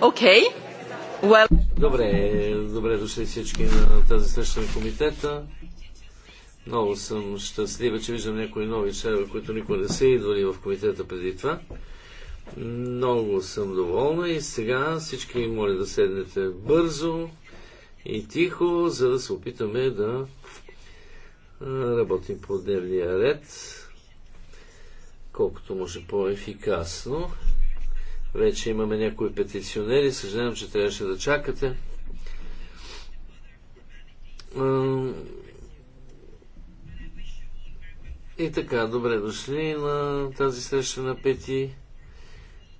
Okay. Well... Добре, добре дошли всички на тази среща на комитета. Много съм щастлива, че виждам някои нови членове, които никога не са идвали в комитета преди това. Много съм доволна и сега всички моля да седнете бързо и тихо, за да се опитаме да работим по дневния ред колкото може по-ефикасно. Вече имаме някои петиционери. Съжалявам, че трябваше да чакате. И така, добре дошли на тази среща на пети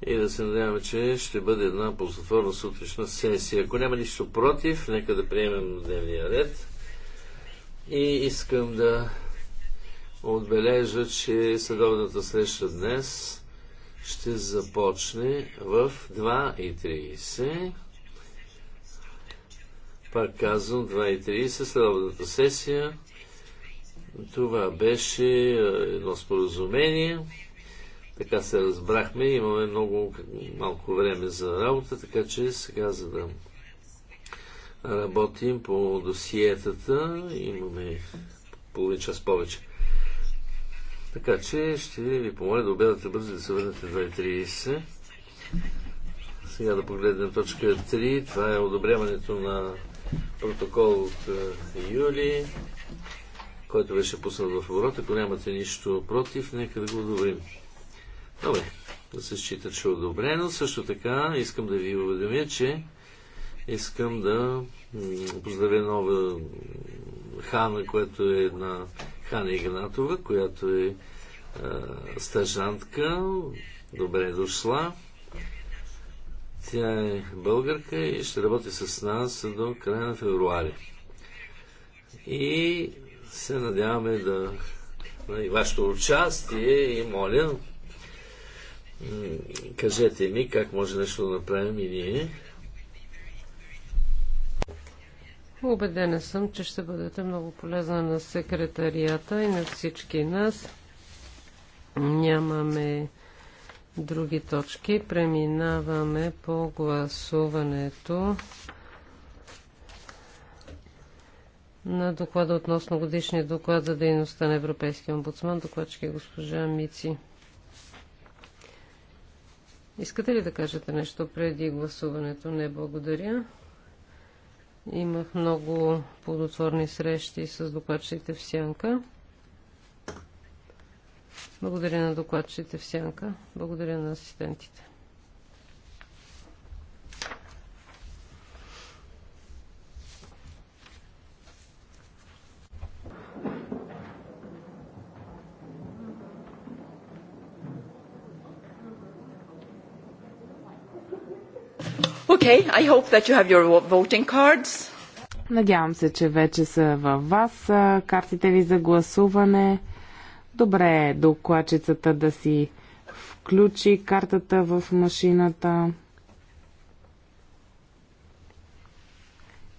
и да се надяваме, че ще бъде една ползотворна сутрешна сесия. Ако няма нищо против, нека да приемем дневния ред. И искам да отбележа, че съдобната среща днес ще започне в 2.30. Пак казвам, 2.30, следобната сесия. Това беше е, едно споразумение. Така се разбрахме. Имаме много малко време за работа, така че сега за да работим по досиетата имаме половин час повече. Така че ще ви помоля да обедате бързо да се върнете 2.30. Сега да погледнем точка 3. Това е одобряването на протокол от е, юли, който беше пуснат в оборот. Ако нямате нищо против, нека да го одобрим. Добре, да се счита, че е одобрено. Също така искам да ви уведомя, че искам да поздравя нова Хана, която е една Хана Игнатова, която е, а, стажантка. Добре дошла. Тя е българка и ще работи с нас до края на февруари. И се надяваме да и нали, вашето участие и моля кажете ми как може нещо да направим и ние Убедена съм, че ще бъдете много полезна на секретарията и на всички нас. Нямаме други точки. Преминаваме по гласуването на доклада относно годишния доклад за дейността на Европейския омбудсман. Докладчик е госпожа Мици. Искате ли да кажете нещо преди гласуването? Не, благодаря. Имах много плодотворни срещи с докладчите в Сянка. Благодаря на докладчите в Сянка. Благодаря на асистентите. Okay, I hope that you have your voting cards. Надявам се, че вече са във вас картите ви за гласуване. Добре е докладчицата да си включи картата в машината.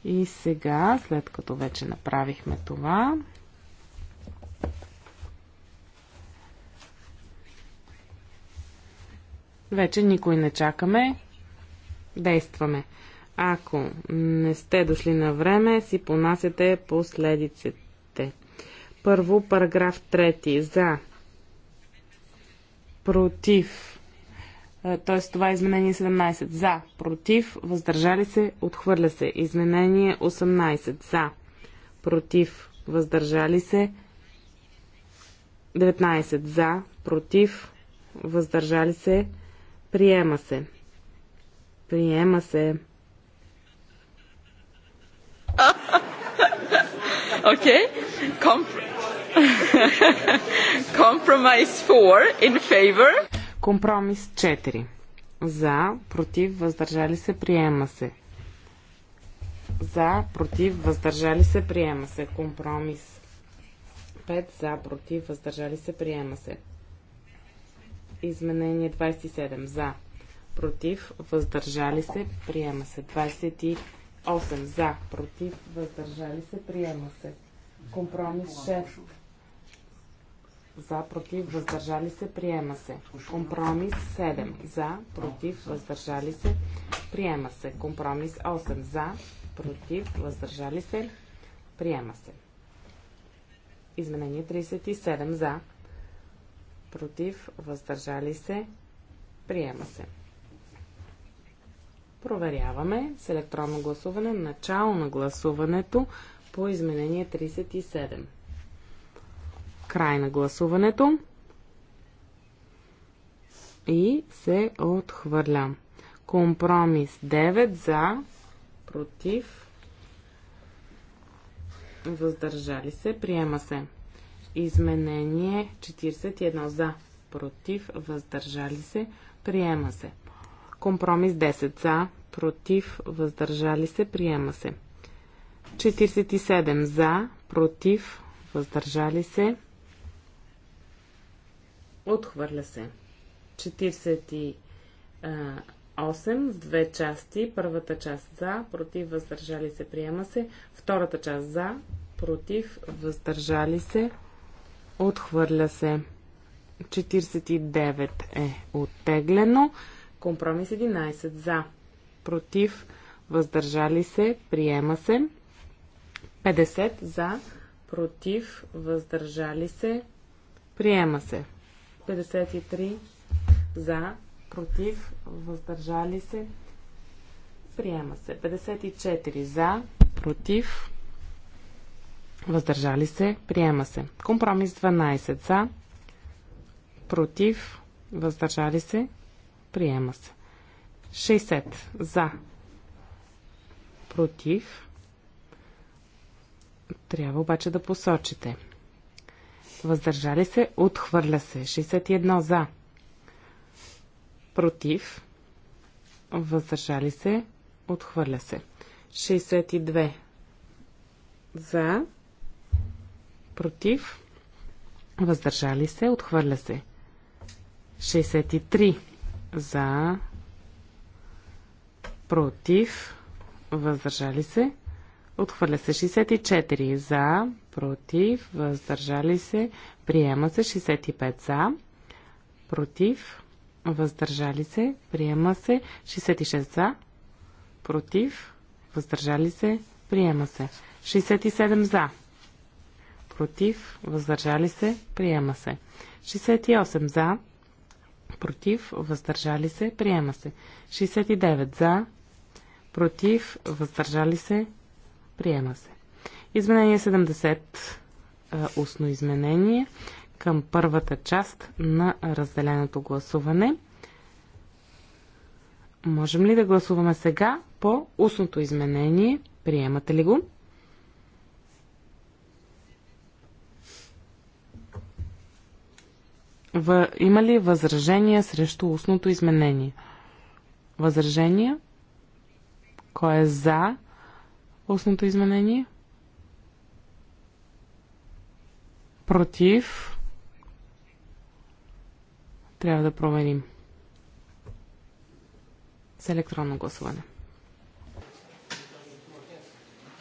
И сега, след като вече направихме това, вече никой не чакаме действаме. Ако не сте дошли на време, си понасяте последиците. Първо, параграф 3. За. Против. Т.е. това е изменение 17. За. Против. Въздържали се. Отхвърля се. Изменение 18. За. Против. Въздържали се. 19. За. Против. Въздържали се. Приема се. Приема се. Окей. Компромис 4 in favor. Компромис 4. За, против, въздържали се, приема се. За, против, въздържали се, приема се. Компромис 5. За, против, въздържали се, приема се. Изменение 27. За, против, въздържали се, приема се. 28 за, против, въздържали се, приема се. Компромис 6 за, против, въздържали се, приема се. Компромис 7 за, против, въздържали се, приема се. Компромис 8 за, против, въздържали се, приема се. Изменение 37 за, против, въздържали се, приема се. Проверяваме с електронно гласуване начало на гласуването по изменение 37. Край на гласуването и се отхвърля. Компромис 9 за, против, въздържали се, приема се. Изменение 41 за, против, въздържали се, приема се. Компромис 10 за, против, въздържали се, приема се. 47 за, против, въздържали се, отхвърля се. 48 с две части. Първата част за, против, въздържали се, приема се. Втората част за, против, въздържали се, отхвърля се. 49 е оттеглено. Компромис 11 за, против, въздържали се, приема се. 50 за, против, въздържали се, приема се. 53 за, против, въздържали се, приема се. 54 за, против, въздържали се, приема се. Компромис 12 за, против, въздържали се, Приема се. 60 за. Против. Трябва обаче да посочите. Въздържали се, отхвърля се. 61 за. Против. Въздържали се, отхвърля се. 62 за. Против. Въздържали се, отхвърля се. 63 за, против, въздържали се. Отхвърля се 64 за, против, въздържали се. Приема се 65 за, против, въздържали се. Приема се 66 за, против, въздържали се. Приема се 67 за, против, въздържали се. Приема се 68 за, против, въздържали се, приема се. 69 за, против, въздържали се, приема се. Изменение 70, устно изменение към първата част на разделеното гласуване. Можем ли да гласуваме сега по устното изменение? Приемате ли го? В, има ли възражения срещу устното изменение? Възражения? Кой е за устното изменение? Против? Трябва да проверим. С електронно гласуване.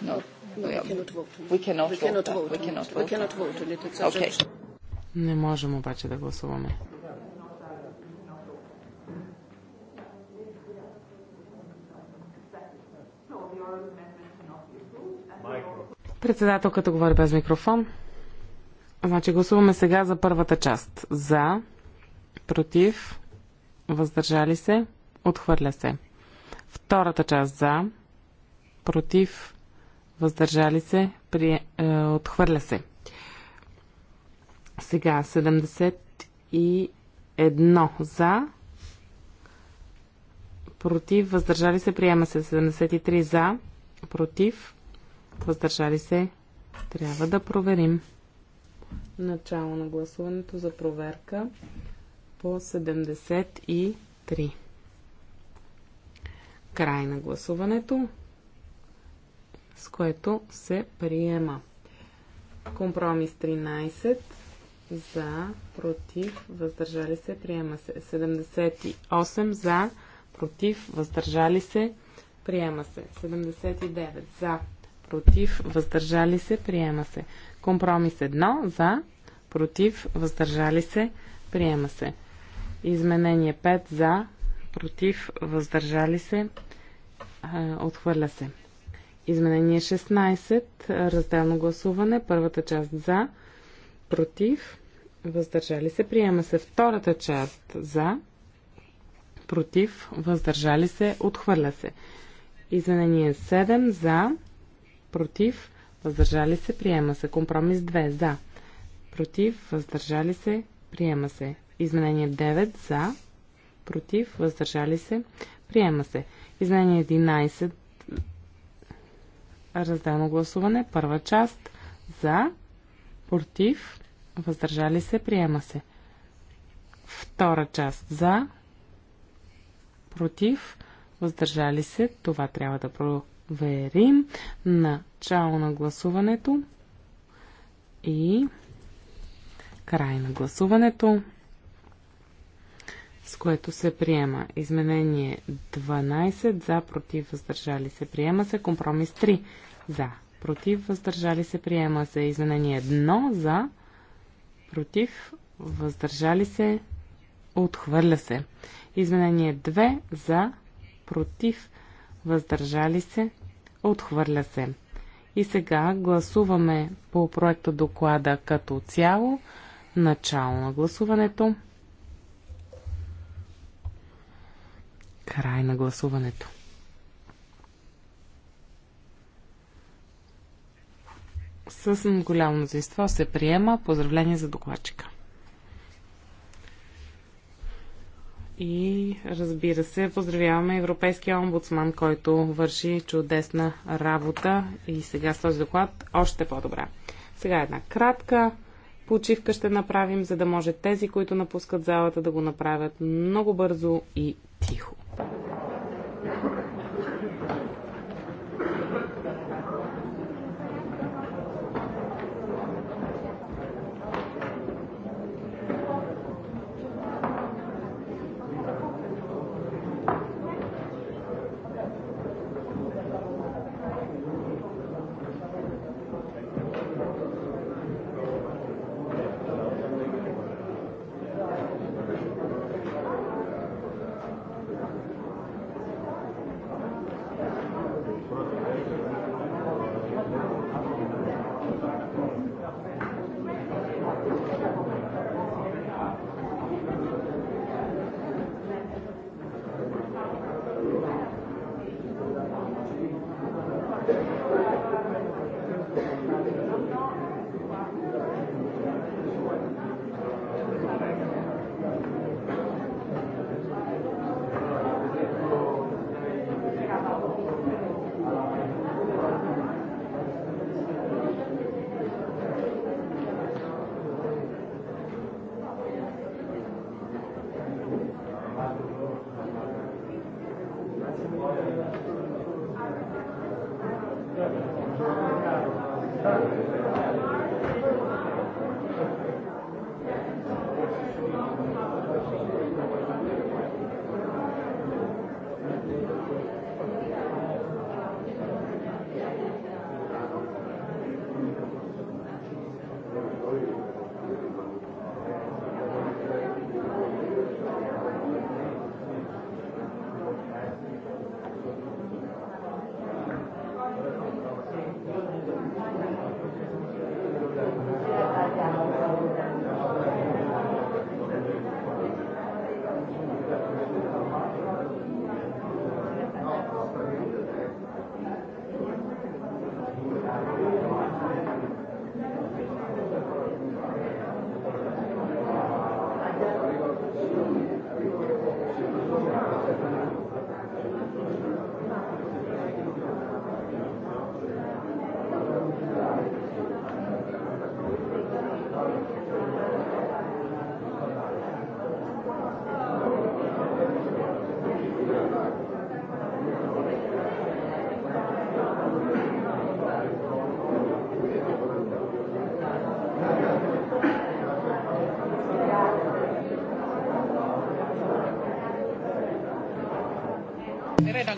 No, we, we cannot vote. We cannot vote. We cannot vote on it. It's okay. Не можем обаче да гласуваме. Председателката говори без микрофон. Значи гласуваме сега за първата част. За, против, въздържали се, отхвърля се. Втората част за, против, въздържали се, при, е, отхвърля се. Сега 71 за, против, въздържали се, приема се 73 за, против, въздържали се, трябва да проверим. Начало на гласуването за проверка по 73. Край на гласуването, с което се приема. Компромис 13 за, против, въздържали се, приема се. 78 за, против, въздържали се, приема се. 79 за, против, въздържали се, приема се. Компромис 1 за, против, въздържали се, приема се. Изменение 5 за, против, въздържали се, отхвърля се. Изменение 16, разделно гласуване, първата част за, против, въздържали се, приема се. Втората част за, против, въздържали се, отхвърля се. Изменение 7 за, против, въздържали се, приема се. Компромис 2 за, против, въздържали се, приема се. Изменение 9 за, против, въздържали се, приема се. Изменение 11 разделно гласуване, първа част за, против, въздържали се, приема се. Втора част за, против, въздържали се, това трябва да проверим. Начало на гласуването и край на гласуването, с което се приема изменение 12 за, против, въздържали се, приема се, компромис 3 за, против, въздържали се, приема се, изменение 1 за, против, въздържали се, отхвърля се. Изменение 2 за, против, въздържали се, отхвърля се. И сега гласуваме по проекта доклада като цяло. Начало на гласуването. Край на гласуването. с голямо мнозинство се приема. Поздравление за докладчика. И разбира се, поздравяваме Европейския омбудсман, който върши чудесна работа и сега с този доклад още по-добра. Сега една кратка почивка ще направим, за да може тези, които напускат залата, да го направят много бързо и тихо.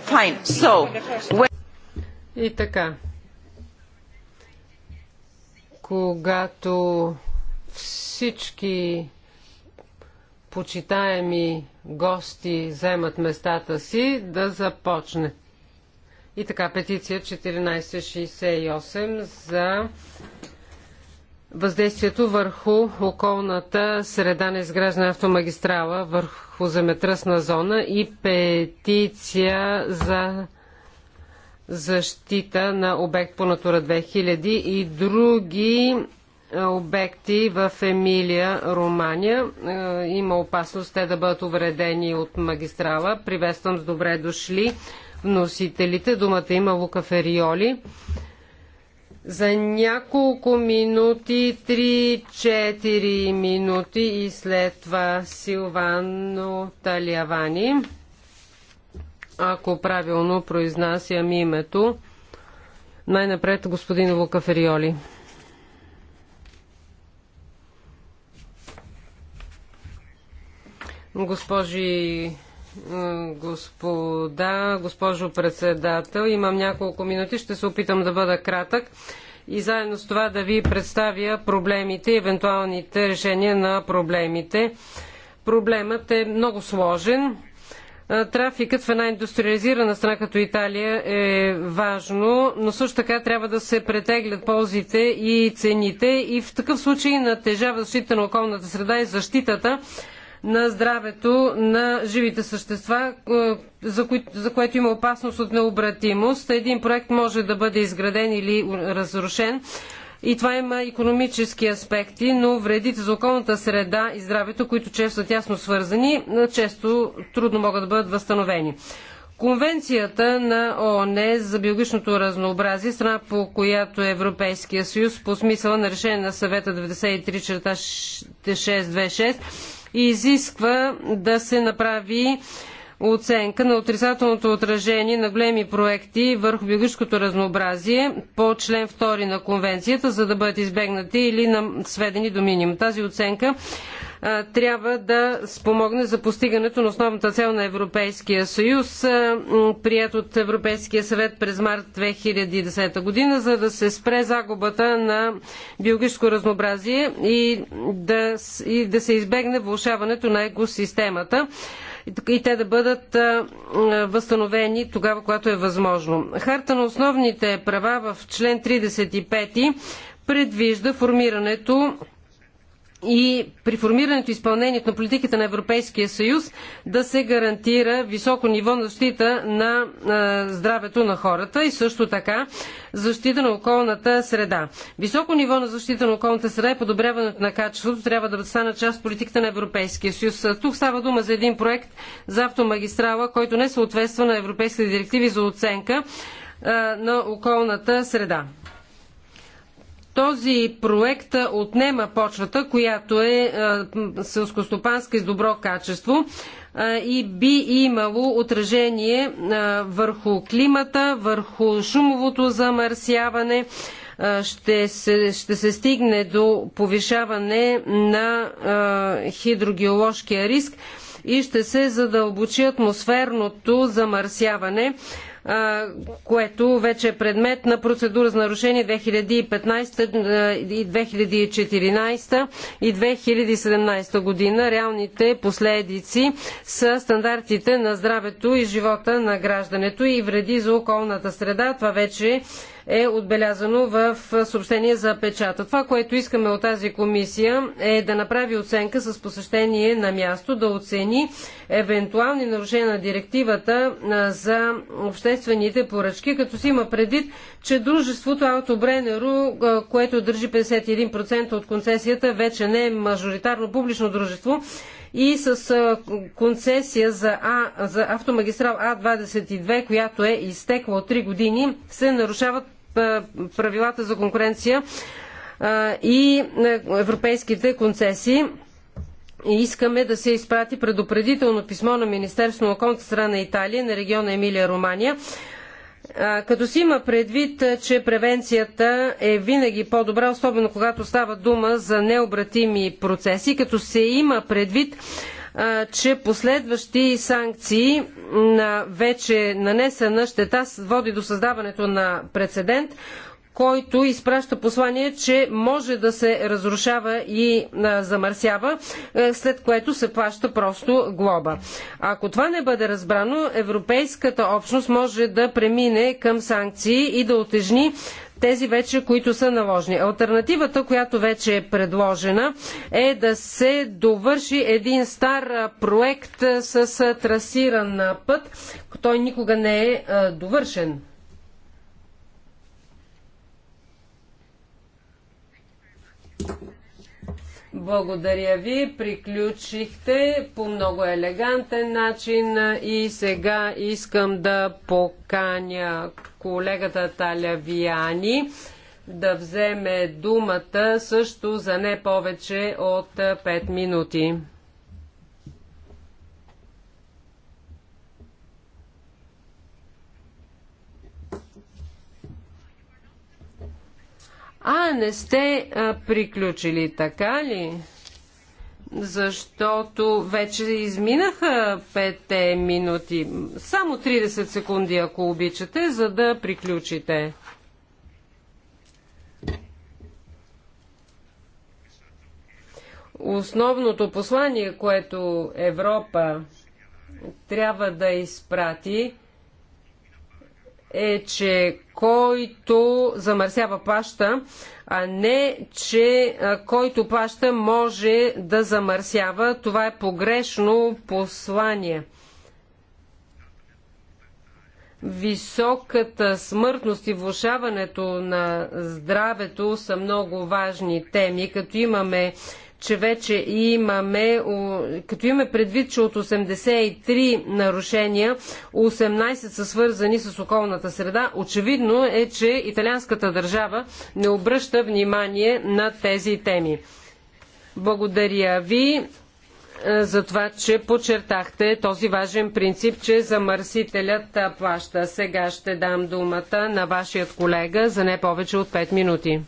Fine. So, when... И така. Когато всички почитаеми гости вземат местата си, да започне. И така, петиция 1468 за въздействието върху околната среда на изграждане автомагистрала върху земетръсна зона и петиция за защита на обект по Натура 2000 и други е, обекти в Емилия, Румания. Е, има опасност те да бъдат увредени от магистрала. Приветствам с добре дошли вносителите. Думата има Лука Фериоли за няколко минути, 3-4 минути и след това Силвано Талявани, ако правилно произнасям името. Най-напред господин Фериоли. Госпожи господа, госпожо председател. Имам няколко минути, ще се опитам да бъда кратък и заедно с това да ви представя проблемите и евентуалните решения на проблемите. Проблемът е много сложен. Трафикът в една индустриализирана страна като Италия е важно, но също така трябва да се претеглят ползите и цените и в такъв случай натежава защита на околната среда и защитата на здравето на живите същества, е, за, кои, за което има опасност от необратимост. Един проект може да бъде изграден или разрушен. И това има економически аспекти, но вредите за околната среда и здравето, които често са тясно свързани, е, често трудно могат да бъдат възстановени. Конвенцията на ООН за биологичното разнообразие, страна по която е Европейския съюз по смисъла на решение на съвета 93 626, и изисква да се направи оценка на отрицателното отражение на големи проекти върху биологическото разнообразие по член 2 на конвенцията, за да бъдат избегнати или сведени до минимум. Тази оценка трябва да спомогне за постигането на основната цел на Европейския съюз, прият от Европейския съвет през март 2010 година, за да се спре загубата на биологическо разнообразие и да, и да се избегне влушаването на екосистемата и те да бъдат възстановени тогава, когато е възможно. Харта на основните права в член 35 предвижда формирането и при формирането и изпълнението на политиката на Европейския съюз да се гарантира високо ниво на защита на здравето на хората и също така защита на околната среда. Високо ниво на защита на околната среда и подобряването на качеството трябва да стане част от политиката на Европейския съюз. Тук става дума за един проект за автомагистрала, който не съответства на европейските директиви за оценка на околната среда. Този проект отнема почвата, която е, е селскостопанска и с добро качество е, и би имало отражение е, върху климата, върху шумовото замърсяване, ще се, ще се стигне до повишаване на хидрогеоложкия риск и ще се задълбочи атмосферното замърсяване което вече е предмет на процедура за нарушение 2015 и 2014 и 2017 година. Реалните последици са стандартите на здравето и живота на граждането и вреди за околната среда. Това вече е отбелязано в съобщение за печата. Това, което искаме от тази комисия е да направи оценка с посещение на място, да оцени евентуални нарушения на директивата за обществените поръчки, като си има предвид, че дружеството Аутобренеро, което държи 51% от концесията, вече не е мажоритарно публично дружество и с концесия за, а, за автомагистрал А22, която е изтекла от 3 години, се нарушават е, правилата за конкуренция е, и европейските концесии. И искаме да се изпрати предупредително писмо на Министерството на околната страна на Италия на региона Емилия-Романия, е, като си има предвид, че превенцията е винаги по-добра, особено когато става дума за необратими процеси, като се има предвид че последващи санкции на вече нанесена щета води до създаването на прецедент, който изпраща послание, че може да се разрушава и замърсява, след което се плаща просто глоба. Ако това не бъде разбрано, Европейската общност може да премине към санкции и да отежни тези вече, които са наложени. Альтернативата, която вече е предложена, е да се довърши един стар проект с трасиран път. Той никога не е довършен. Thank you. Благодаря ви. Приключихте по много елегантен начин и сега искам да поканя колегата Таля Вияни да вземе думата също за не повече от 5 минути. А, не сте а, приключили, така ли? Защото вече изминаха 5 минути. Само 30 секунди, ако обичате, за да приключите. Основното послание, което Европа трябва да изпрати, е, че който замърсява плаща, а не, че който паща може да замърсява. Това е погрешно послание. Високата смъртност и влушаването на здравето са много важни теми, като имаме че вече имаме, като имаме предвид, че от 83 нарушения 18 са свързани с околната среда, очевидно е, че италианската държава не обръща внимание на тези теми. Благодаря ви е, за това, че подчертахте този важен принцип, че замърсителят плаща. Сега ще дам думата на вашият колега за не повече от 5 минути.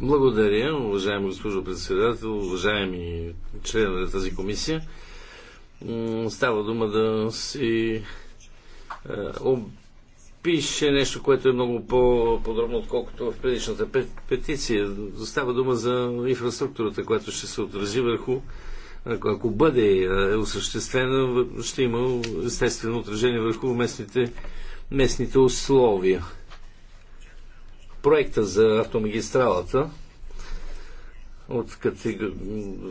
Благодаря, уважаема госпожо председател, уважаеми членове на тази комисия. Става дума да си е, опише нещо, което е много по-подробно, отколкото в предишната петиция. Става дума за инфраструктурата, която ще се отрази върху ако бъде е, осъществена, ще има естествено отражение върху местните, местните условия проекта за автомагистралата от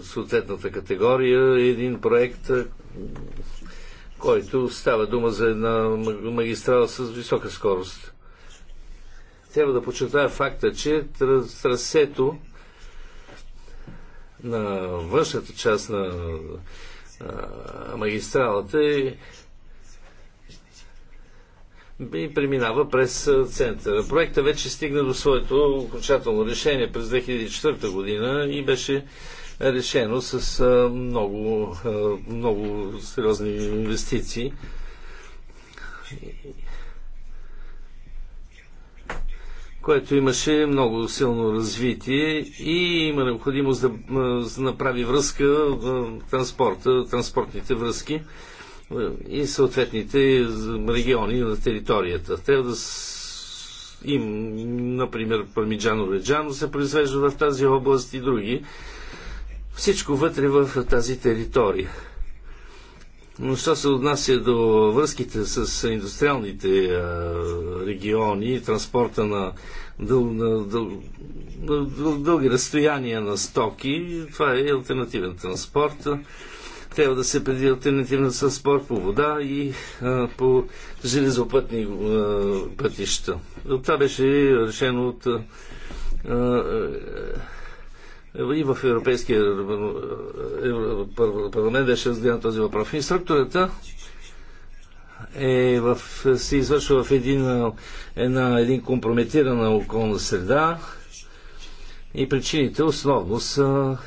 съответната категория е един проект, е, който става дума за една магистрала с висока скорост. Трябва да подчертая факта, че трасето на външната част на магистралата е и преминава през центъра. Проектът вече стигна до своето окончателно решение през 2004 година и беше решено с много, много сериозни инвестиции. което имаше много силно развитие и има необходимост да направи връзка транспорта, транспортните връзки и съответните региони на територията. Трябва да им, например, пармиджано реджано се произвежда в тази област и други. Всичко вътре в тази територия. Но що се отнася до връзките с индустриалните региони, транспорта на, дъл, на, дъл, на дъл, дълги разстояния на стоки, това е альтернативен транспорт трябва да се преди альтернативна спор по вода и а, по железопътни а, пътища. това беше решено от а, и в Европейския парламент беше разгледан този въпрос. Инструктората е в, се извършва в един, една, един компрометирана околна среда и причините основно са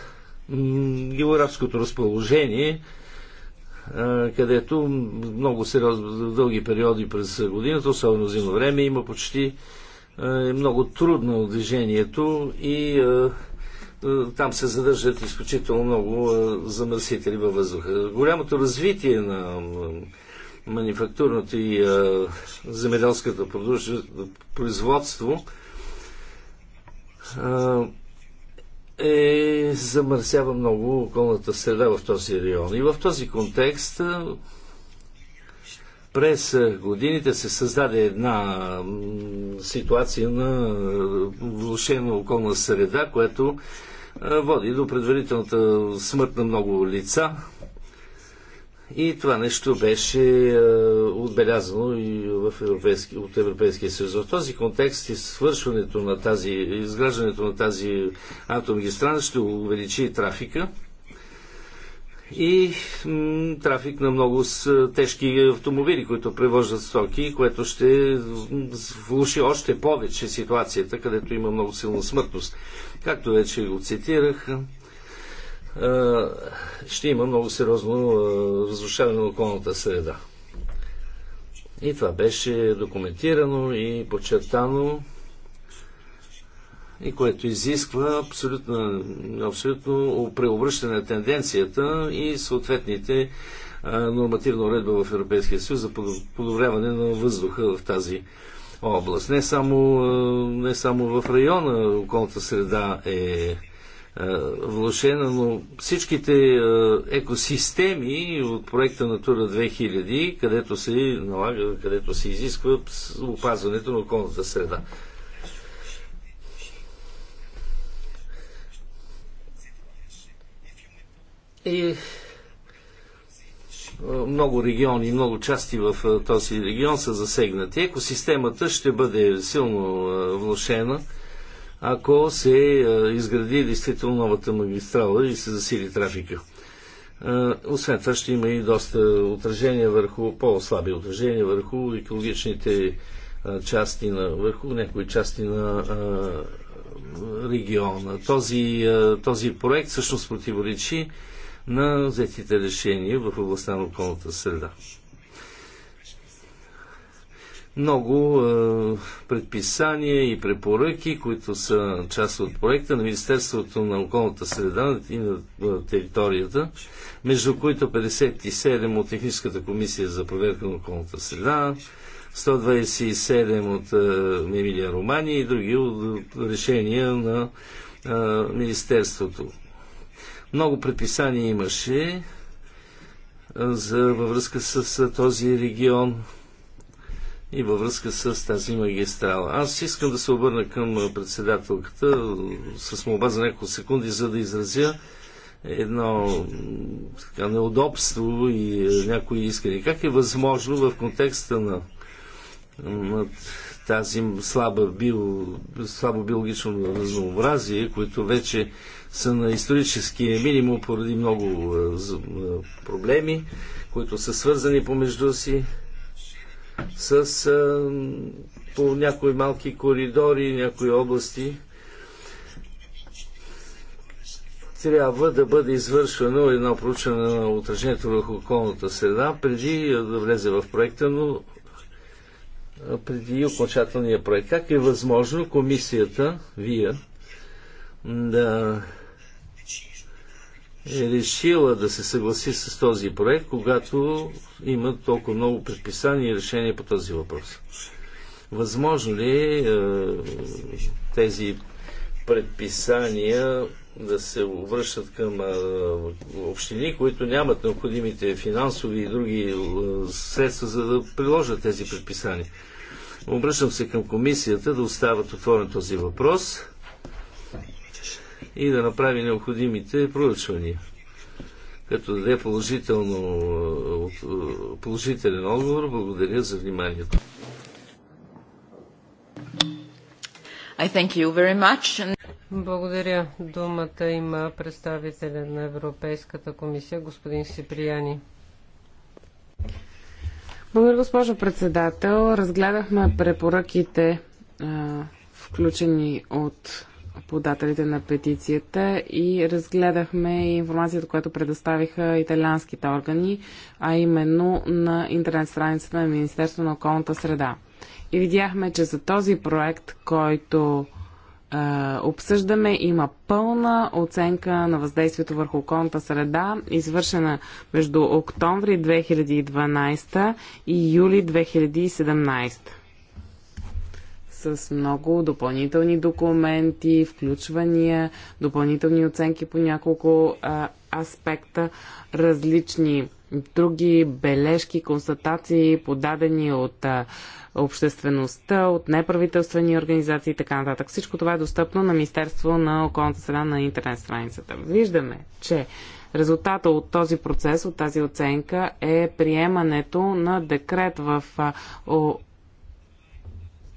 географското разположение, където много сериозно, дълги периоди през годината, особено зимно време, има почти е много трудно движението и там се задържат изключително много замърсители във въздуха. Голямото развитие на манифактурното и земеделската производство е, замърсява много околната среда в този район. И в този контекст е, през годините се създаде една ситуация на е, влушена околна среда, което е, води до предварителната смърт на много лица, и това нещо беше е, отбелязано и в европейски, от Европейския съюз. В този контекст и свършването на тази, изграждането на тази автомагистрала ще увеличи трафика и трафик на много с, е, тежки автомобили, които превождат стоки, което ще влуши още повече ситуацията, където има много силна смъртност. Както вече го цитирах, ще има много сериозно разрушаване на околната среда. И това беше документирано и подчертано и което изисква абсолютно, абсолютно преобръщане на тенденцията и съответните нормативна уредба в Европейския съюз за подобряване на въздуха в тази област. Не само, не само в района околната среда е е, влошена, но всичките е, екосистеми от проекта Натура 2000, където се налага, където се изисква опазването на околната среда. И е, много региони, много части в този регион са засегнати. Екосистемата ще бъде силно влошена ако се изгради действително новата магистрала и се засили трафика. Освен това ще има и доста отражения върху, по-слаби отражения върху екологичните части на, върху някои части на региона. Този, този проект всъщност противоречи на взетите решения в областта на околната среда много е, предписания и препоръки, които са част от проекта на Министерството на околната среда и на е, територията, между които 57 от Техническата комисия за проверка на околната среда, 127 от е, Емилия Романи и други решения на е, Министерството. Много предписания имаше е, за, във връзка с, с този регион и във връзка с тази магистрала. Аз искам да се обърна към председателката с молба за няколко секунди, за да изразя едно така, неудобство и някои искани. Как е възможно в контекста на, на тази слаба био, слабо биологично разнообразие, които вече са на исторически минимум поради много проблеми, които са свързани помежду си, с а, по някои малки коридори, някои области. Трябва да бъде извършвано едно проучване на отражението върху околната среда преди да влезе в проекта, но преди окончателния проект. Как е възможно комисията, вие, да е решила да се съгласи с този проект, когато има толкова много предписания и решения по този въпрос. Възможно ли е, тези предписания да се обръщат към е, общини, които нямат необходимите финансови и други е, средства, за да приложат тези предписания. Обръщам се към комисията да остават отворен този въпрос и да направи необходимите проучвания като даде положително, е, е, положителен отговор. Благодаря за вниманието. I thank you very much. Благодаря. Думата има представителя на Европейската комисия, господин Сиприяни. Благодаря, госпожо председател. Разгледахме препоръките, включени от подателите на петицията и разгледахме информацията, която предоставиха италианските органи, а именно на интернет страницата на Министерство на околната среда. И видяхме, че за този проект, който е, обсъждаме, има пълна оценка на въздействието върху околната среда, извършена между октомври 2012 и юли 2017 с много допълнителни документи, включвания, допълнителни оценки по няколко а, аспекта, различни други бележки, констатации, подадени от а, обществеността, от неправителствени организации и така нататък. Всичко това е достъпно на Министерство на околната среда на интернет страницата. Виждаме, че резултата от този процес, от тази оценка е приемането на декрет в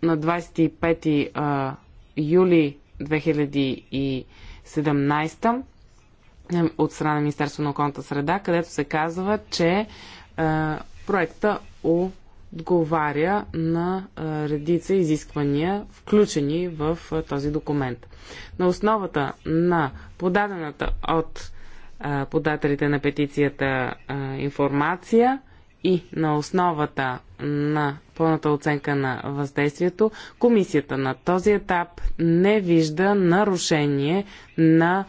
на 25 а, юли 2017 е, от страна на Министерство на околната среда, където се казва, че а, проекта отговаря на а, редица изисквания, включени в а, този документ. На основата на подадената от подателите на петицията информация, и на основата на пълната оценка на въздействието, комисията на този етап не вижда нарушение на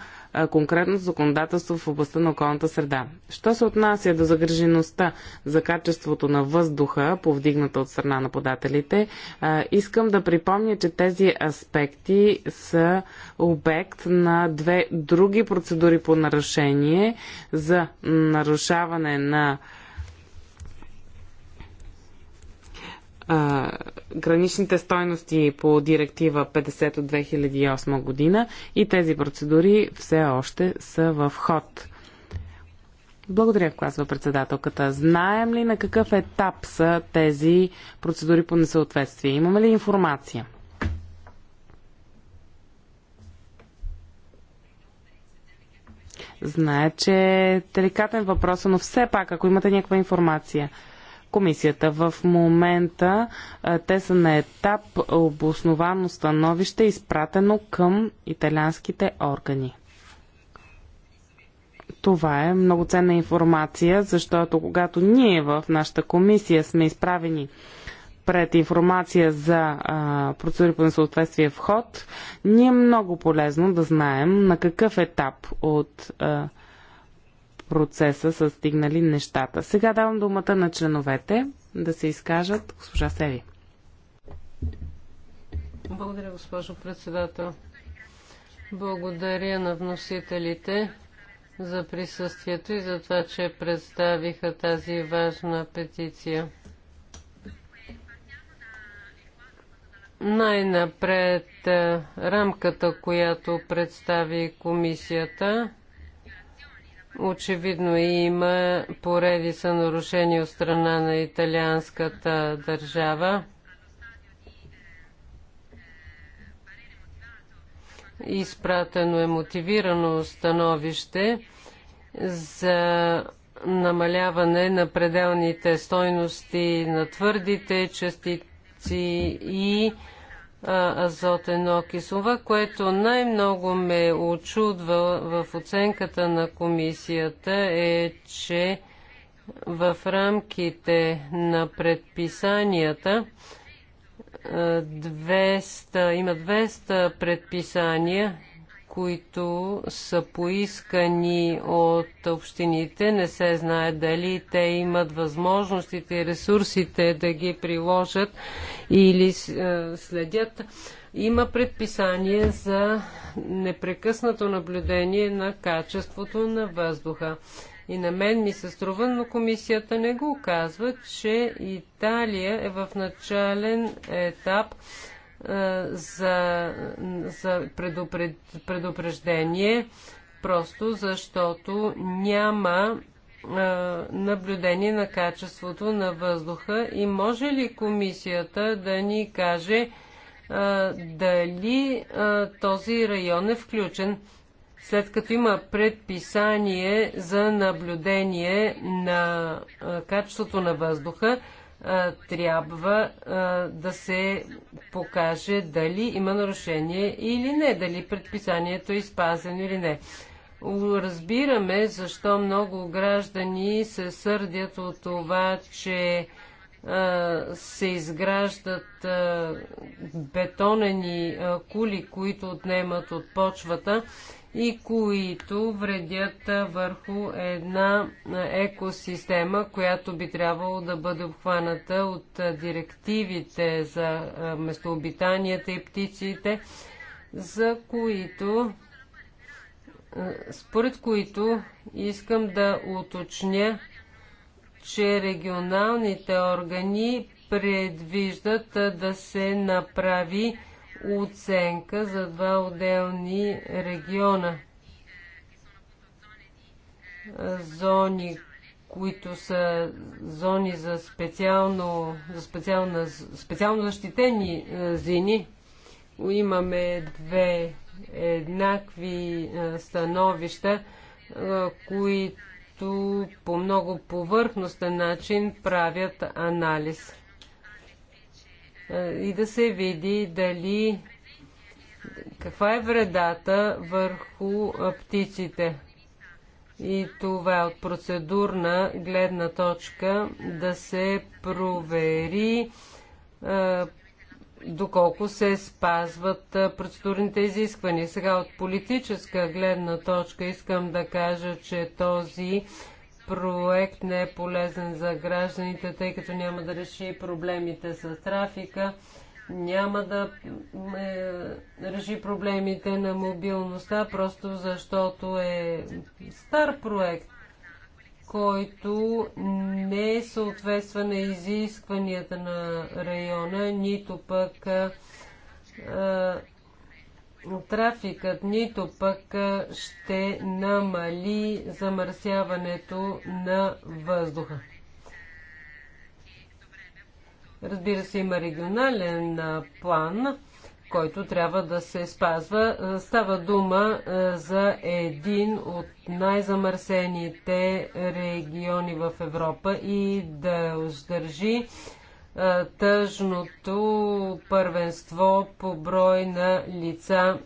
конкретно законодателство в областта на околната среда. Що се отнася до загрежеността за качеството на въздуха, повдигната от страна на подателите, искам да припомня, че тези аспекти са обект на две други процедури по нарушение за нарушаване на граничните стойности по директива 50 от 2008 година и тези процедури все още са в ход. Благодаря, казва председателката. Знаем ли на какъв етап са тези процедури по несъответствие? Имаме ли информация? Знае, че е деликатен въпрос, но все пак, ако имате някаква информация комисията. В момента те са на етап обосновано становище, изпратено към италианските органи. Това е много ценна информация, защото когато ние в нашата комисия сме изправени пред информация за а, процедури по несъответствие в ход, ни е много полезно да знаем на какъв етап от а, процеса са стигнали нещата. Сега давам думата на членовете да се изкажат. Госпожа Сери. Благодаря, госпожо председател. Благодаря на вносителите за присъствието и за това, че представиха тази важна петиция. Най-напред рамката, която представи комисията, Очевидно има поредица нарушения от страна на италианската държава. Изпратено е мотивирано становище за намаляване на пределните стойности на твърдите частици и азотен окис. Това, което най-много ме очудва в оценката на комисията е, че в рамките на предписанията 200, има 200 предписания които са поискани от общините. Не се знае дали те имат възможностите и ресурсите да ги приложат или е, следят. Има предписание за непрекъснато наблюдение на качеството на въздуха. И на мен ми се струва, но комисията не го казва, че Италия е в начален етап за, за предупред, предупреждение, просто защото няма наблюдение на качеството на въздуха и може ли комисията да ни каже а, дали а, този район е включен, след като има предписание за наблюдение на а, качеството на въздуха, трябва да се покаже дали има нарушение или не, дали предписанието е изпазено или не. Разбираме защо много граждани се сърдят от това, че се изграждат бетонени кули, които отнемат от почвата и които вредят върху една екосистема, която би трябвало да бъде обхваната от директивите за местообитанията и птиците, за които според които искам да уточня, че регионалните органи предвиждат да се направи оценка за два отделни региона. Зони, които са зони за специално, за специална, специално защитени е, зени. Имаме две еднакви е, становища, е, които по много повърхностен начин правят анализ. Е, и да се види дали каква е вредата върху птиците. И това е от процедурна гледна точка да се провери доколко се спазват процедурните изисквания. Сега от политическа гледна точка искам да кажа, че този проект не е полезен за гражданите, тъй като няма да реши проблемите с трафика, няма да е, реши проблемите на мобилността, просто защото е стар проект, който не съответства на изискванията на района, нито пък е, трафикът, нито пък ще намали замърсяването на въздуха. Разбира се, има регионален план, който трябва да се спазва. Става дума за един от най-замърсените региони в Европа и да държи тъжното първенство по брой на лица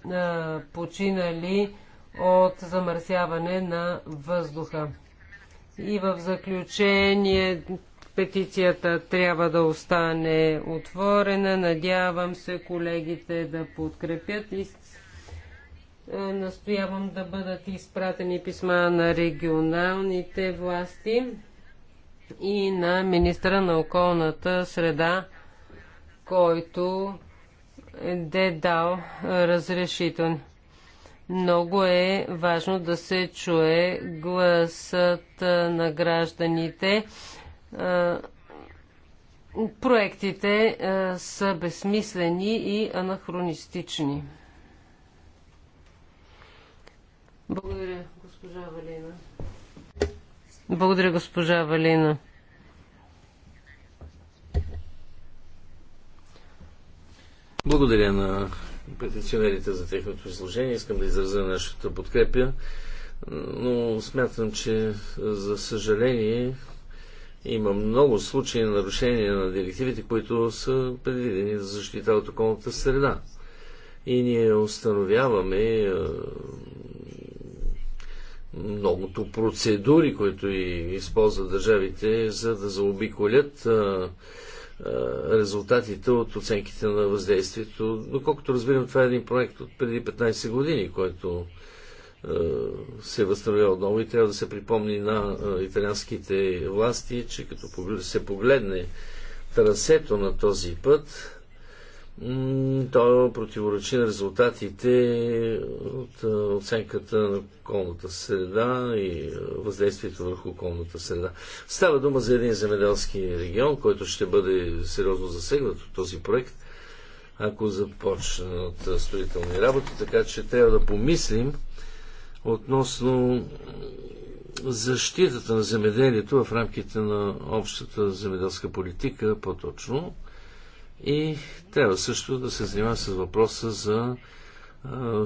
починали от замърсяване на въздуха. И в заключение петицията трябва да остане отворена. Надявам се колегите да подкрепят и настоявам да бъдат изпратени писма на регионалните власти и на министра на околната среда, който е дал разрешител. Много е важно да се чуе гласът на гражданите. Проектите са безсмислени и анахронистични. Благодаря, госпожа Валина. Благодаря, госпожа Валина. Благодаря на петиционерите за техното изложение. Искам да изразя нашата подкрепя, но смятам, че за съжаление има много случаи на нарушение на директивите, които са предвидени за защита от околната среда. И ние установяваме многото процедури, които и използват държавите, за да заобиколят резултатите от оценките на въздействието. Доколкото разбирам, това е един проект от преди 15 години, който се възстановява отново и трябва да се припомни на италианските власти, че като се погледне трасето на този път, то противоречи на резултатите от оценката на околната среда и въздействието върху околната среда. Става дума за един земеделски регион, който ще бъде сериозно засегнат от този проект, ако започнат строителни работи, така че трябва да помислим относно защитата на земеделието в рамките на общата земеделска политика, по-точно – и трябва също да се занимава с въпроса за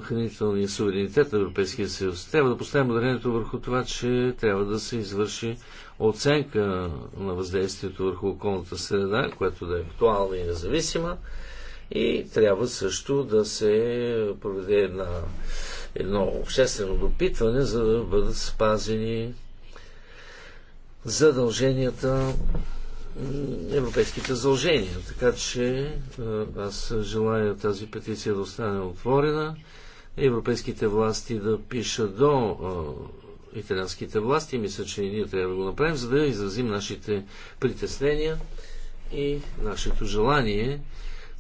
хранителния суверенитет на Европейския съюз. Трябва да поставим ударението върху това, че трябва да се извърши оценка на въздействието върху околната среда, която да е актуална и независима. И трябва също да се проведе една, едно обществено допитване, за да бъдат спазени задълженията европейските задължения. Така че аз желая тази петиция да остане отворена, европейските власти да пишат до италианските власти. Мисля, че и ние трябва да го направим, за да изразим нашите притеснения и нашето желание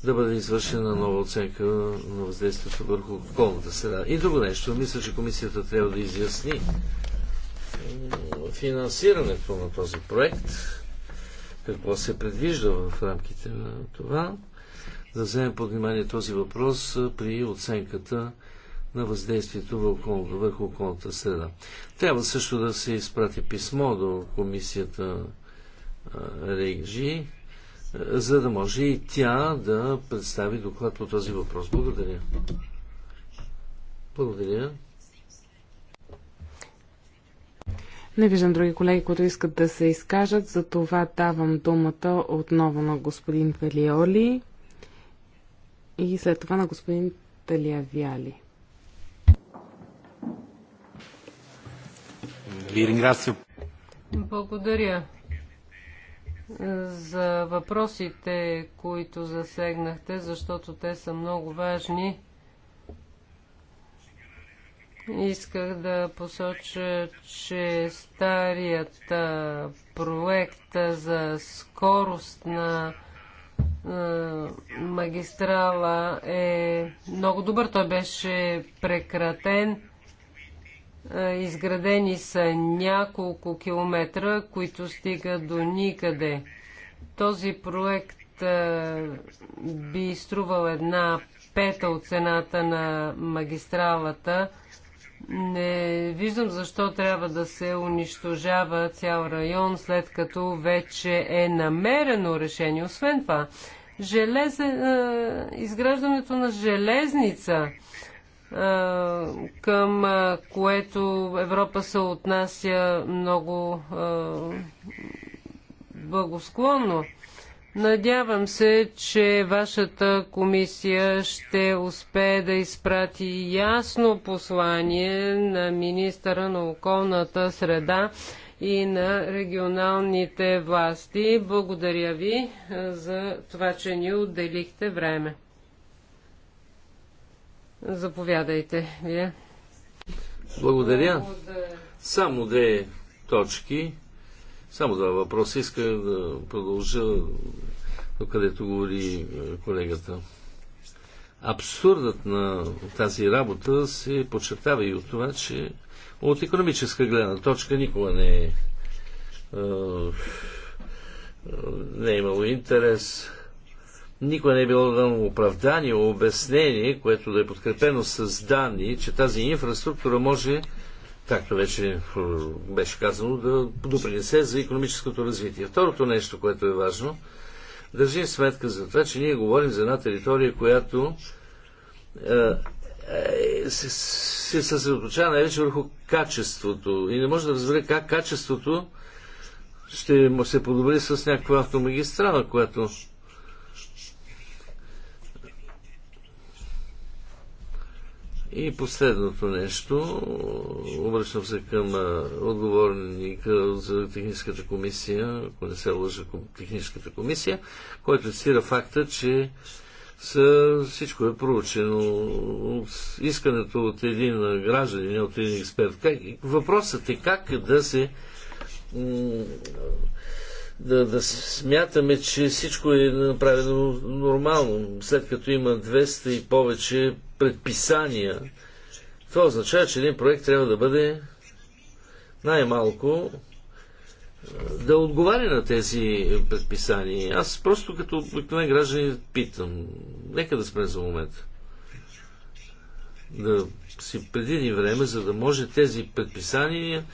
да бъде извършена нова оценка на въздействието върху околната среда. И друго нещо, мисля, че комисията трябва да изясни финансирането на този проект какво се предвижда в рамките на това, да вземем под внимание този въпрос при оценката на въздействието върху околната среда. Трябва също да се изпрати писмо до комисията Рейджи, за да може и тя да представи доклад по този въпрос. Благодаря. Благодаря. Не виждам други колеги, които искат да се изкажат, за това давам думата отново на господин Велиоли и след това на господин Талиавяли. Благодаря е, за въпросите, които засегнахте, защото те са много важни. Исках да посоча, че старият проект за скорост на магистрала е много добър. Той беше прекратен. Изградени са няколко километра, които стигат до никъде. Този проект би струвал една пета от цената на магистралата не виждам защо трябва да се унищожава цял район, след като вече е намерено решение. Освен това, железе, изграждането на железница, към което Европа се отнася много благосклонно. Надявам се, че вашата комисия ще успее да изпрати ясно послание на министъра на околната среда и на регионалните власти. Благодаря ви за това, че ни отделихте време. Заповядайте вие. Благодаря. Само две точки. Само два въпроса. Иска да продължа до където говори е, колегата. Абсурдът на тази работа се подчертава и от това, че от економическа гледна точка никога не е, е, не е имало интерес, никога не е било дано оправдание, обяснение, което да е подкрепено с данни, че тази инфраструктура може както вече беше казано, да допринесе за економическото развитие. Второто нещо, което е важно, държим сметка за това, че ние говорим за една територия, която е, е, се, се съсредоточава най-вече върху качеството. И не може да разбере как качеството ще се подобри с някаква автомагистрала, която И последното нещо, обръщам се към отговорника за техническата комисия, ако не се лъжа техническата комисия, който цитира факта, че са, всичко е проучено. Искането от един гражданин, от един експерт. Как, въпросът е как да се да, да смятаме, че всичко е направено нормално, след като има 200 и повече предписания, това означава, че един проект трябва да бъде най-малко е, да отговаря на тези предписания. Аз просто като обикновен граждани питам. Нека да спрем за момент. Да си предвиди време, за да може тези предписания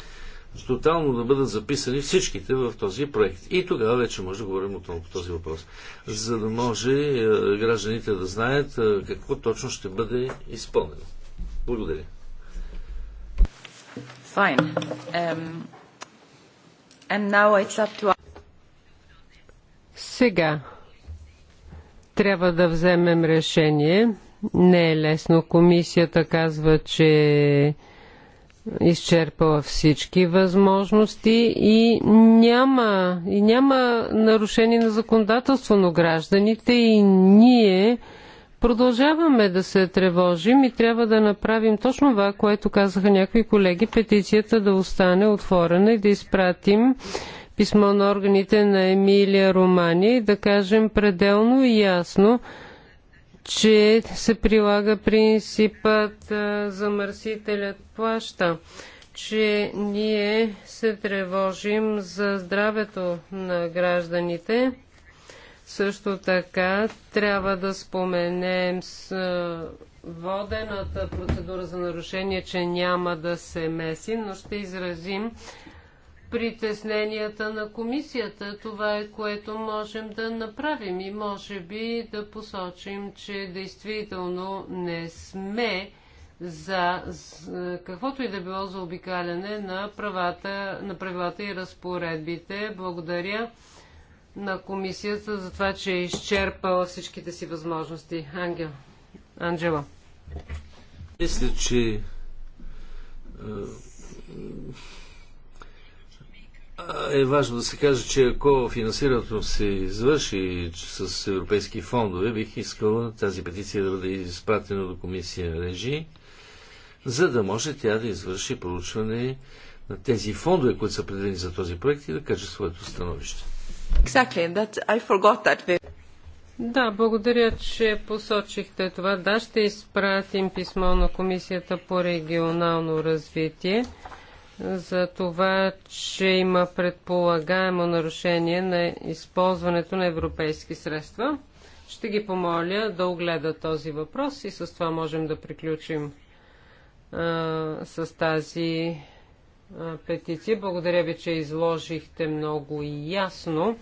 тотално да бъдат записани всичките в този проект. И тогава вече може да говорим отново по този въпрос, за да може е, гражданите да знаят е, какво точно ще бъде изпълнено. Благодаря. Fine. Um, and now it's up to... Сега трябва да вземем решение. Не е лесно. Комисията казва, че изчерпала всички възможности и няма, и няма нарушение на законодателство но гражданите и ние продължаваме да се тревожим и трябва да направим точно това, което казаха някои колеги, петицията да остане отворена и да изпратим писмо на органите на Емилия Романи и да кажем пределно и ясно, че се прилага принципът замърсителят плаща, че ние се тревожим за здравето на гражданите. Също така трябва да споменем с водената процедура за нарушение, че няма да се меси, но ще изразим притесненията на комисията. Това е което можем да направим и може би да посочим, че действително не сме за каквото и да било за обикаляне на, правата, на правилата и разпоредбите. Благодаря на комисията за това, че е изчерпала всичките си възможности. Ангел. Анджела. Мисля, че е, е важно да се каже, че ако финансирането се извърши с европейски фондове, бих искала тази петиция да бъде изпратена до комисия Режи, за да може тя да извърши проучване на тези фондове, които са предвидени за този проект и да каже своето становище. Exactly, that, I forgot that. Да, благодаря, че посочихте това. Да, ще изпратим писмо на Комисията по регионално развитие за това, че има предполагаемо нарушение на използването на европейски средства. Ще ги помоля да огледа този въпрос и с това можем да приключим а, с тази а, петиция. Благодаря ви, че изложихте много ясно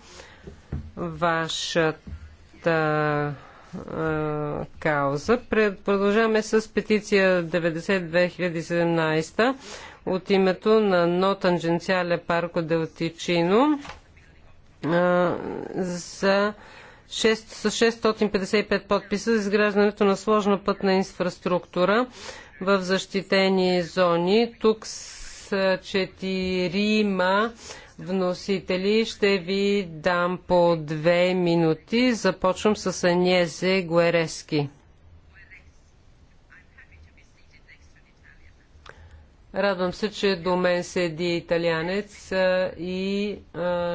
вашата а, кауза. Продължаваме с петиция 92017 от името на Но Танженциале Парко Делтичино за 655 подписа за изграждането на сложна пътна инфраструктура в защитени зони. Тук с четирима вносители ще ви дам по две минути. Започвам с Анезе Гуерески. Радвам се, че до мен седи италянец и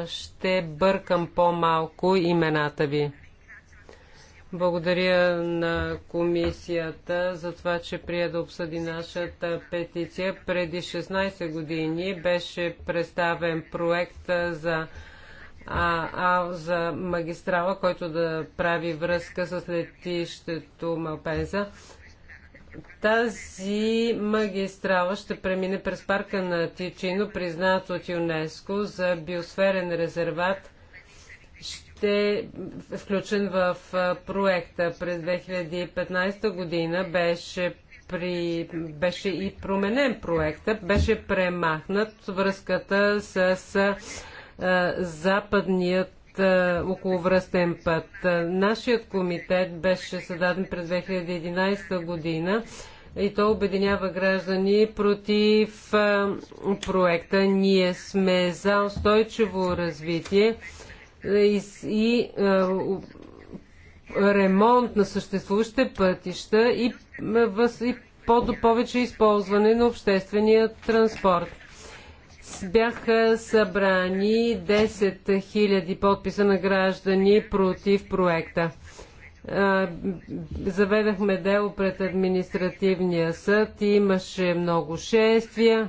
ще бъркам по-малко имената ви. Благодаря на комисията за това, че прие да обсъди нашата петиция. Преди 16 години беше представен проект за, а, а, за магистрала, който да прави връзка с летището Малпенза. Тази магистрала ще премине през парка на Тичино, признат от ЮНЕСКО за биосферен резерват ще е включен в проекта. През 2015 година беше, при, беше и променен проекта, беше премахнат връзката с а, западният околовръстен път. Нашият комитет беше създаден през 2011 година и то обединява граждани против проекта. Ние сме за устойчиво развитие и, и ремонт на съществуващите пътища и, и по повече използване на обществения транспорт бяха събрани 10 000 подписа на граждани против проекта. Заведахме дело пред административния съд. и Имаше много шествия.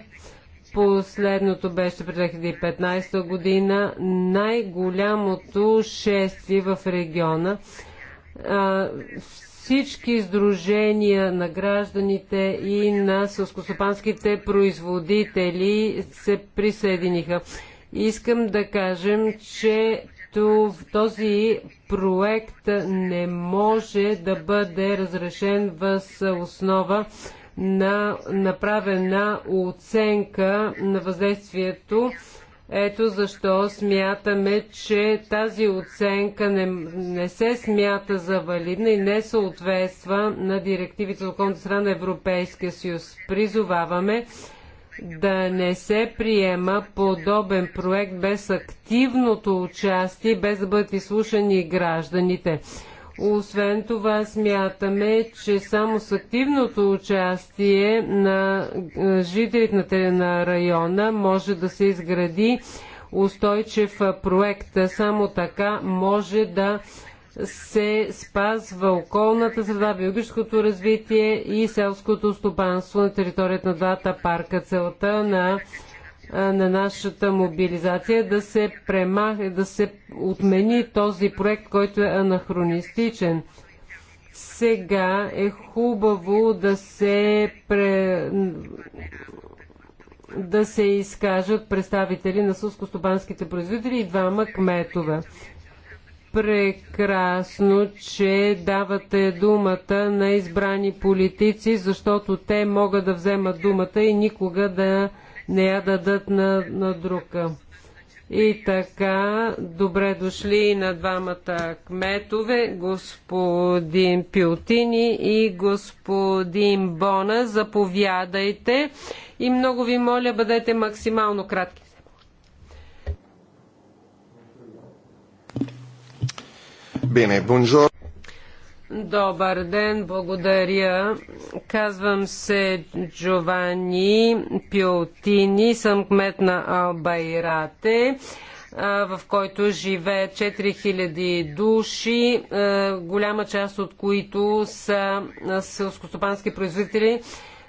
Последното беше през 2015 година най-голямото шествие в региона всички издружения на гражданите и на сълскостопанските производители се присъединиха. Искам да кажем, че този проект не може да бъде разрешен в основа на направена оценка на въздействието ето защо смятаме, че тази оценка не, не се смята за валидна и не съответства на директивите за околната страна на Европейския съюз. Призоваваме да не се приема подобен проект без активното участие, без да бъдат изслушани гражданите. Освен това смятаме, че само с активното участие на жителите на района може да се изгради устойчив проект. Само така може да се спазва околната среда, биологическото развитие и селското стопанство на територията на двата парка. Целта на на нашата мобилизация да се да се отмени този проект, който е анахронистичен. Сега е хубаво да се, пре... да се изкажат представители на сълскостопанските производители и двама кметове. Прекрасно, че давате думата на избрани политици, защото те могат да вземат думата и никога да не я дадат на, на друга. И така, добре дошли на двамата кметове, господин Пилтини и господин Бона. Заповядайте и много ви моля, бъдете максимално кратки. Bene, buongiorno. Добър ден, благодаря. Казвам се Джовани Пиотини, съм кмет на Албайрате, в който живее 4000 души, голяма част от които са селскостопански производители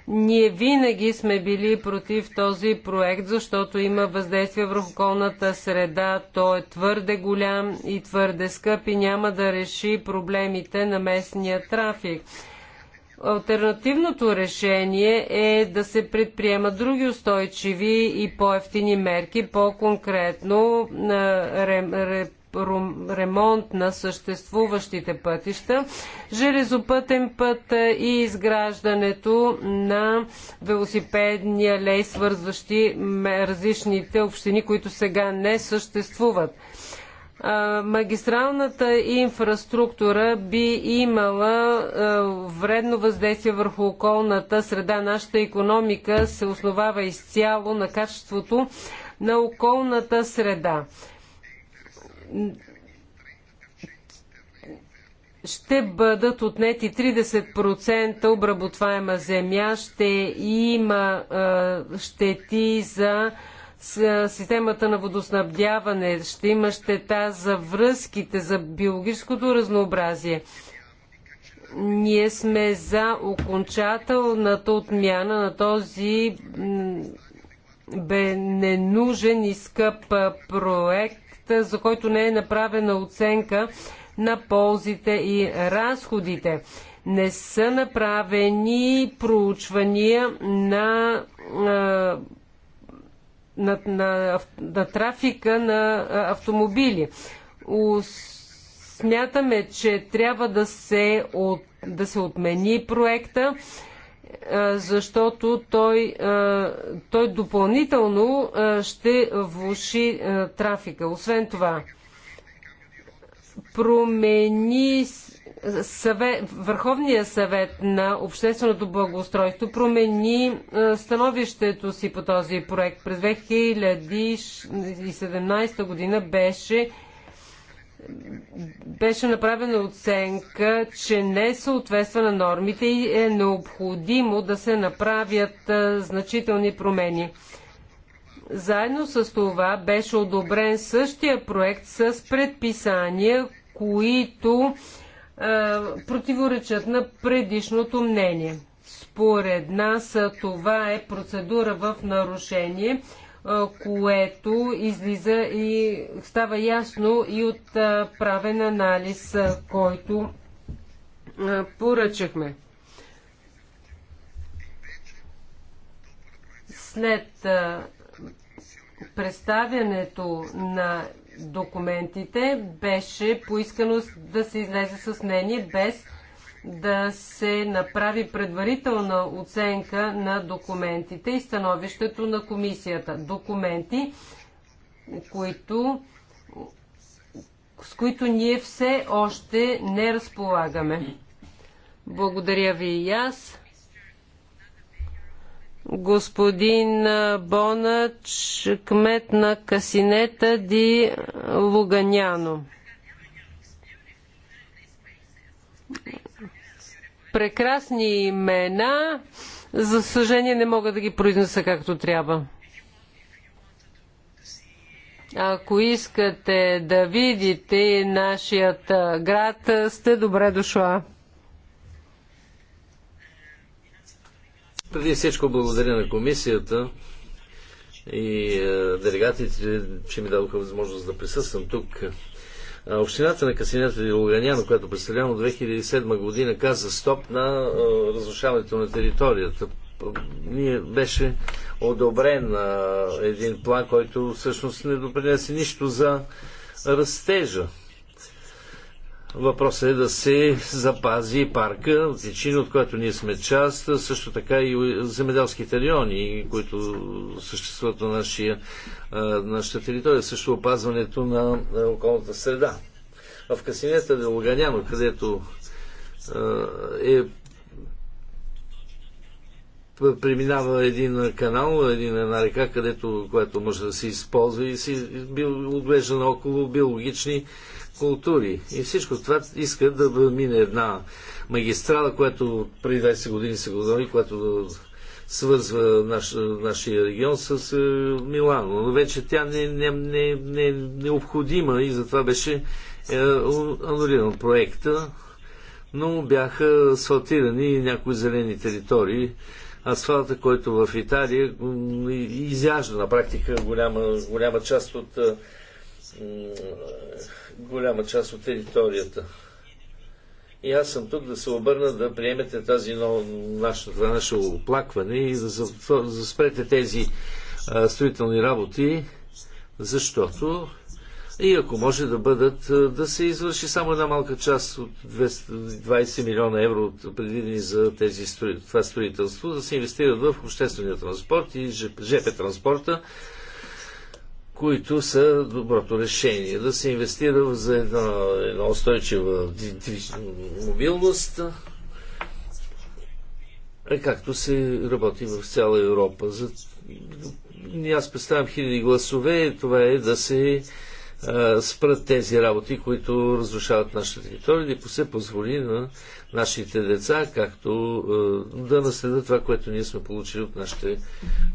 ние винаги сме били против този проект, защото има въздействие върху околната среда. Той е твърде голям и твърде скъп и няма да реши проблемите на местния трафик. Альтернативното решение е да се предприемат други устойчиви и по-ефтини мерки, по-конкретно ремонт на съществуващите пътища, железопътен път е, и изграждането на велосипедния лей, свързващи различните общини, които сега не съществуват магистралната инфраструктура би имала вредно въздействие върху околната среда. Нашата економика се основава изцяло на качеството на околната среда ще бъдат отнети 30% обработваема земя, ще има а, щети за системата на водоснабдяване, ще има щета за връзките, за биологическото разнообразие. Ние сме за окончателната отмяна на този бе ненужен и скъп проект проект, за който не е направена оценка на ползите и разходите. Не са направени проучвания на, на, на, на, на трафика на автомобили. Смятаме, че трябва да се, от, да се отмени проекта защото той, той допълнително ще влуши трафика. Освен това, промени съвет, Върховния съвет на общественото благоустройство промени становището си по този проект. През 2017 година беше беше направена оценка, че не съответства на нормите и е необходимо да се направят значителни промени. Заедно с това беше одобрен същия проект с предписания, които е, противоречат на предишното мнение. Според нас това е процедура в нарушение което излиза и става ясно и от правен анализ, който поръчахме. След представянето на документите беше поискано да се излезе с мнение без да се направи предварителна оценка на документите и становището на комисията. Документи, които, с които ние все още не разполагаме. Благодаря ви и аз. Господин Бонач, кмет на Касинета Ди Луганяно прекрасни имена. За съжаление не мога да ги произнеса както трябва. Ако искате да видите нашият град, сте добре дошла. Преди всичко благодаря на комисията и делегатите, че ми дадоха възможност да присъствам тук. Общината на Касинята и Луганяно, която представлявам от 2007 година, каза стоп на разрушаването на територията. Ние беше одобрен един план, който всъщност не допринесе нищо за растежа Въпросът е да се запази парка, зичин, от който ние сме част, също така и земеделските райони, които съществуват на нашия, нашата територия, също опазването на околната среда. А в Касинета де Логаняно, където е преминава един канал, един, една река, където, която може да се използва и се бил, отглеждан около биологични култури. И всичко това иска да мине една магистрала, която преди 20 години се говори, която свързва наш, нашия регион с е, Милано. Но вече тя не, не, не, не е необходима и затова беше е, анулиран проекта, но бяха асфалтирани някои зелени територии. Асфалта, който в Италия изяжда на практика голяма, голяма част от е, голяма част от територията. И аз съм тук да се обърна да приемете тази наше, това наше оплакване и да, заспрете тези а, строителни работи, защото и ако може да бъдат, да се извърши само една малка част от 20 милиона евро предвидени за тези, това строителство, да се инвестират в обществения транспорт и ЖП транспорта, които са доброто решение. Да се инвестира за една, една устойчива мобилност, както се работи в цяла Европа. За... Аз представям хиляди гласове, това е да се спрат тези работи, които разрушават нашата територия, и се позволи на нашите деца, както да наследят това, което ние сме получили от нашите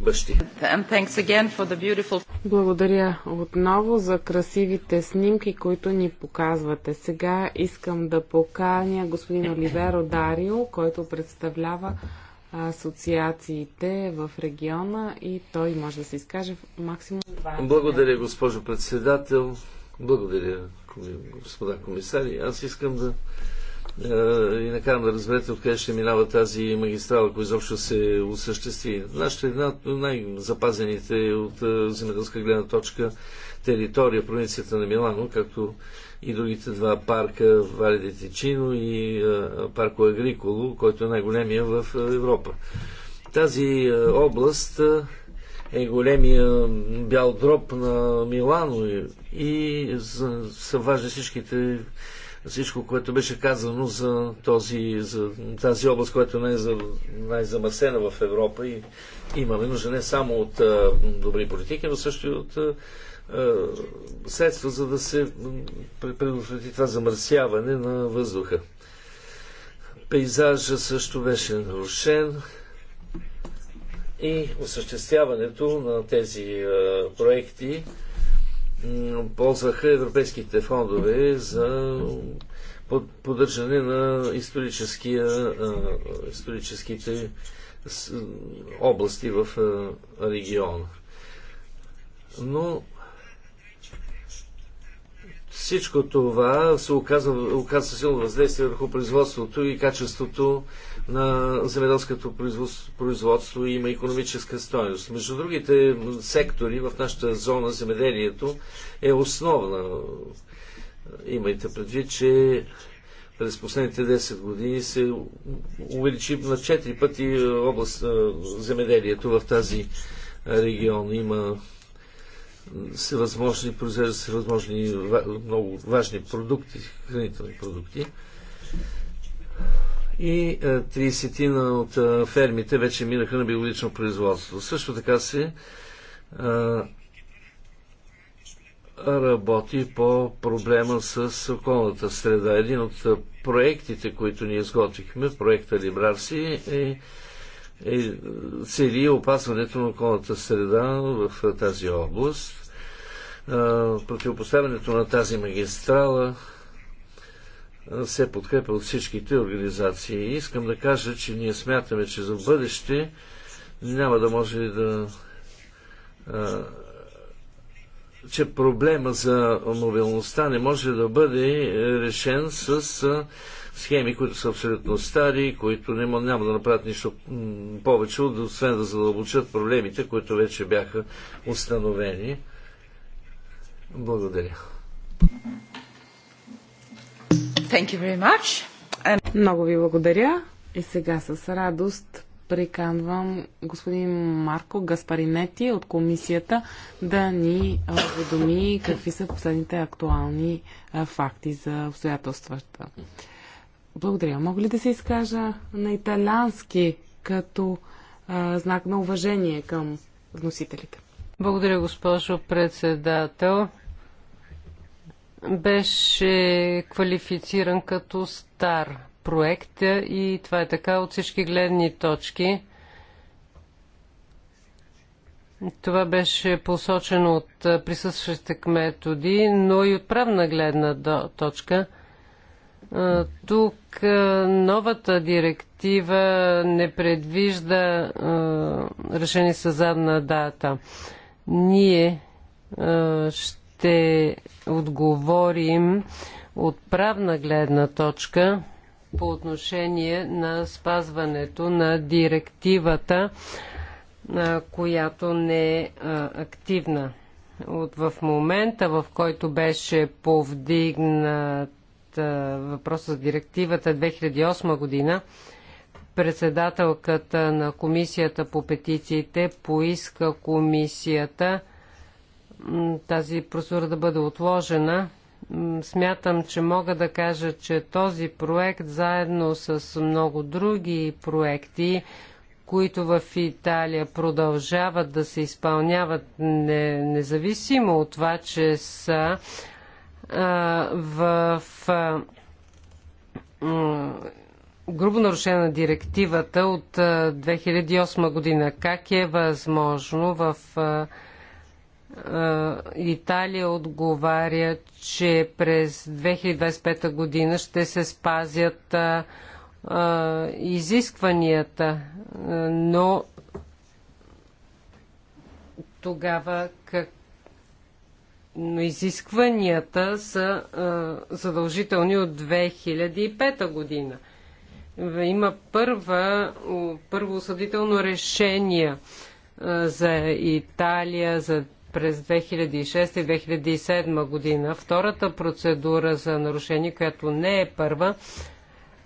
бащи. Beautiful... Благодаря отново за красивите снимки, които ни показвате. Сега искам да поканя господин Оливеро Дарио, който представлява асоциациите в региона и той може да се изкаже в максимум два. Благодаря, госпожо председател. Благодаря, господа комисари. Аз искам да е, и накарам да разберете откъде ще минава тази магистрала, ако изобщо се осъществи. Нашата една от най-запазените от е, земеделска гледна точка територия, провинцията на Милано, както и другите два парка, Вале де Тичино и Парко Агриколо, който е най-големия в Европа. Тази област е големия бял дроб на Милано и са важни всичките всичко, което беше казано за, този, за тази област, която е най-замърсена в Европа и имаме нужда не само от а, добри политики, но също и от а, е, средства, за да се предотврати това замърсяване на въздуха. Пейзажа също беше нарушен и осъществяването на тези е, проекти ползваха европейските фондове за поддържане на е, историческите области в региона. Но всичко това се оказва, оказва силно въздействие върху производството и качеството на земеделското производство, производство и има економическа стоеност. Между другите сектори в нашата зона земеделието е основна. Имайте предвид, че през последните 10 години се увеличи на 4 пъти област земеделието в тази регион. Има всевъзможни, произвежда, всевъзможни много важни продукти, хранителни продукти. И 30 е, от е, фермите вече минаха на биологично производство. Също така се е, работи по проблема с околната среда. Един от проектите, които ние изготвихме, проекта Либрарси, е е, цели опасването на околната среда в тази област. Противопоставянето на тази магистрала се подкрепя от всичките организации. Искам да кажа, че ние смятаме, че за бъдеще няма да може да че проблема за мобилността не може да бъде е, решен с схеми, които са абсолютно стари, които няма, няма да направят нищо повече, освен да задълбочат проблемите, които вече бяха установени. Благодаря. Thank you very much. And... Много ви благодаря. И сега с радост приканвам господин Марко Гаспаринети от комисията да ни уведоми какви са последните актуални факти за обстоятелствата. Благодаря. Мога ли да се изкажа на италянски като а, знак на уважение към вносителите? Благодаря, госпожо председател. Беше квалифициран като стар проект и това е така от всички гледни точки. Това беше посочено от присъстващите кметоди, но и от правна гледна точка – тук новата директива не предвижда решение с задна дата. Ние ще отговорим от правна гледна точка по отношение на спазването на директивата, която не е активна. От в момента, в който беше повдигнат въпроса с директивата 2008 година, председателката на комисията по петициите поиска комисията тази процедура да бъде отложена. Смятам, че мога да кажа, че този проект заедно с много други проекти, които в Италия продължават да се изпълняват не, независимо от това, че са в грубо нарушена директивата от 2008 година. Как е възможно в Италия отговаря, че през 2025 година ще се спазят изискванията, но тогава но изискванията са а, задължителни от 2005 година. Има първа, първо осъдително решение а, за Италия за през 2006 и 2007 година. Втората процедура за нарушение, която не е първа,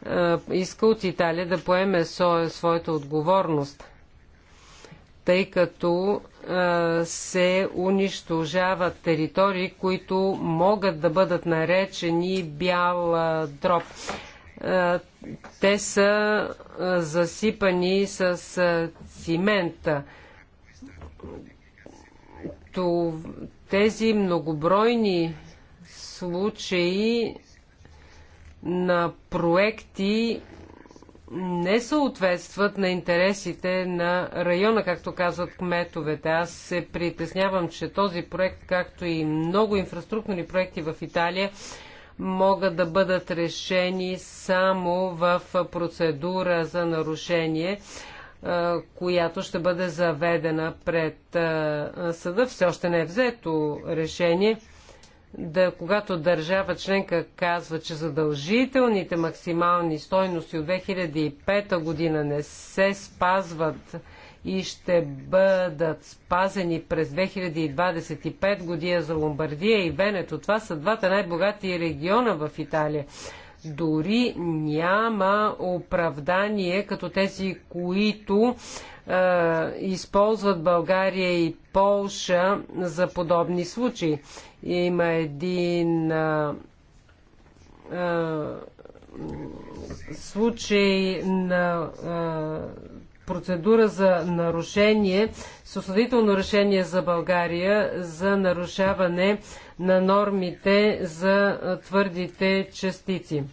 а, иска от Италия да поеме своята отговорност – тъй като се унищожават територии, които могат да бъдат наречени бял дроб. Те са засипани с цимента. Тези многобройни случаи на проекти не съответстват на интересите на района, както казват кметовете. Аз се притеснявам, че този проект, както и много инфраструктурни проекти в Италия, могат да бъдат решени само в процедура за нарушение, която ще бъде заведена пред съда. Все още не е взето решение да, когато държава членка казва, че задължителните максимални стойности от 2005 година не се спазват и ще бъдат спазени през 2025 година за Ломбардия и Венето. Това са двата най-богати региона в Италия дори няма оправдание като тези, които е, използват България и Полша за подобни случаи. Има един е, е, случай на е, процедура за нарушение, съсъдително решение за България за нарушаване на нормите за твърдите частици.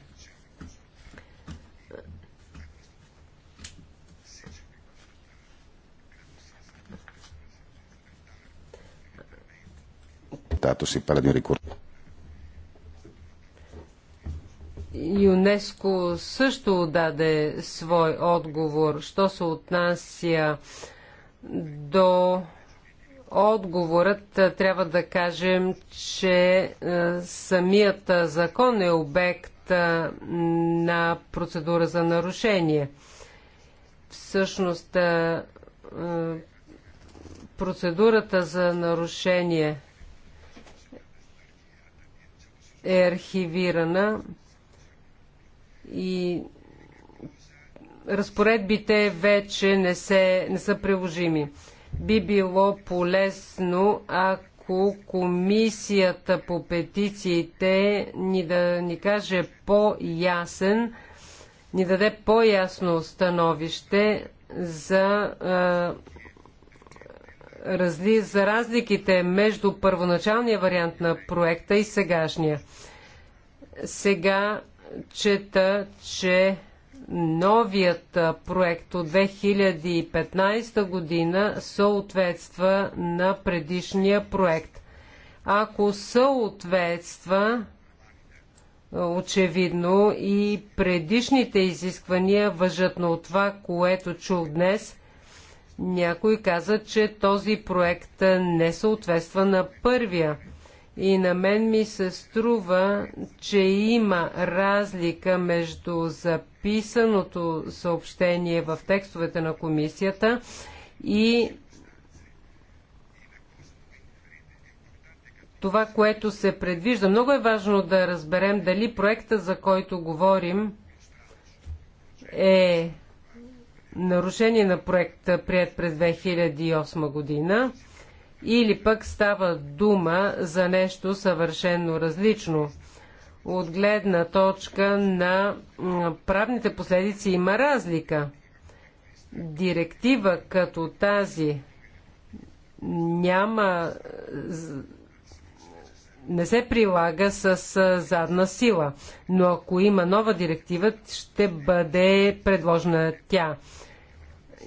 ЮНЕСКО също даде свой отговор, що се отнася до Отговорът трябва да кажем, че самият закон е обект на процедура за нарушение. Всъщност, процедурата за нарушение е архивирана и разпоредбите вече не, се, не са приложими. Би било полезно, ако комисията по петициите ни да ни каже по-ясен, ни даде по-ясно становище за разли... за разликите между първоначалния вариант на проекта и сегашния. Сега чета, че новият проект от 2015 година съответства на предишния проект. Ако съответства, очевидно и предишните изисквания въжат, на това, което чух днес, някой каза, че този проект не съответства на първия и на мен ми се струва, че има разлика между записаното съобщение в текстовете на комисията и това, което се предвижда. Много е важно да разберем дали проекта, за който говорим, е нарушение на проекта, прият през 2008 година или пък става дума за нещо съвършенно различно. От гледна точка на правните последици има разлика. Директива като тази няма не се прилага с задна сила, но ако има нова директива, ще бъде предложена тя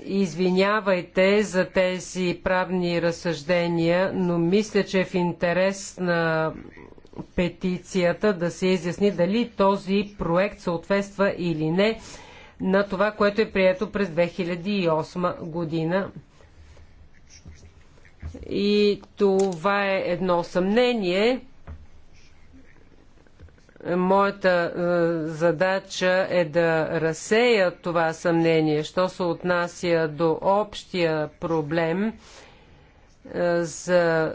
извинявайте за тези правни разсъждения, но мисля, че е в интерес на петицията да се изясни дали този проект съответства или не на това, което е прието през 2008 година. И това е едно съмнение. Моята е, задача е да разсея това съмнение. Що се отнася до общия проблем е, за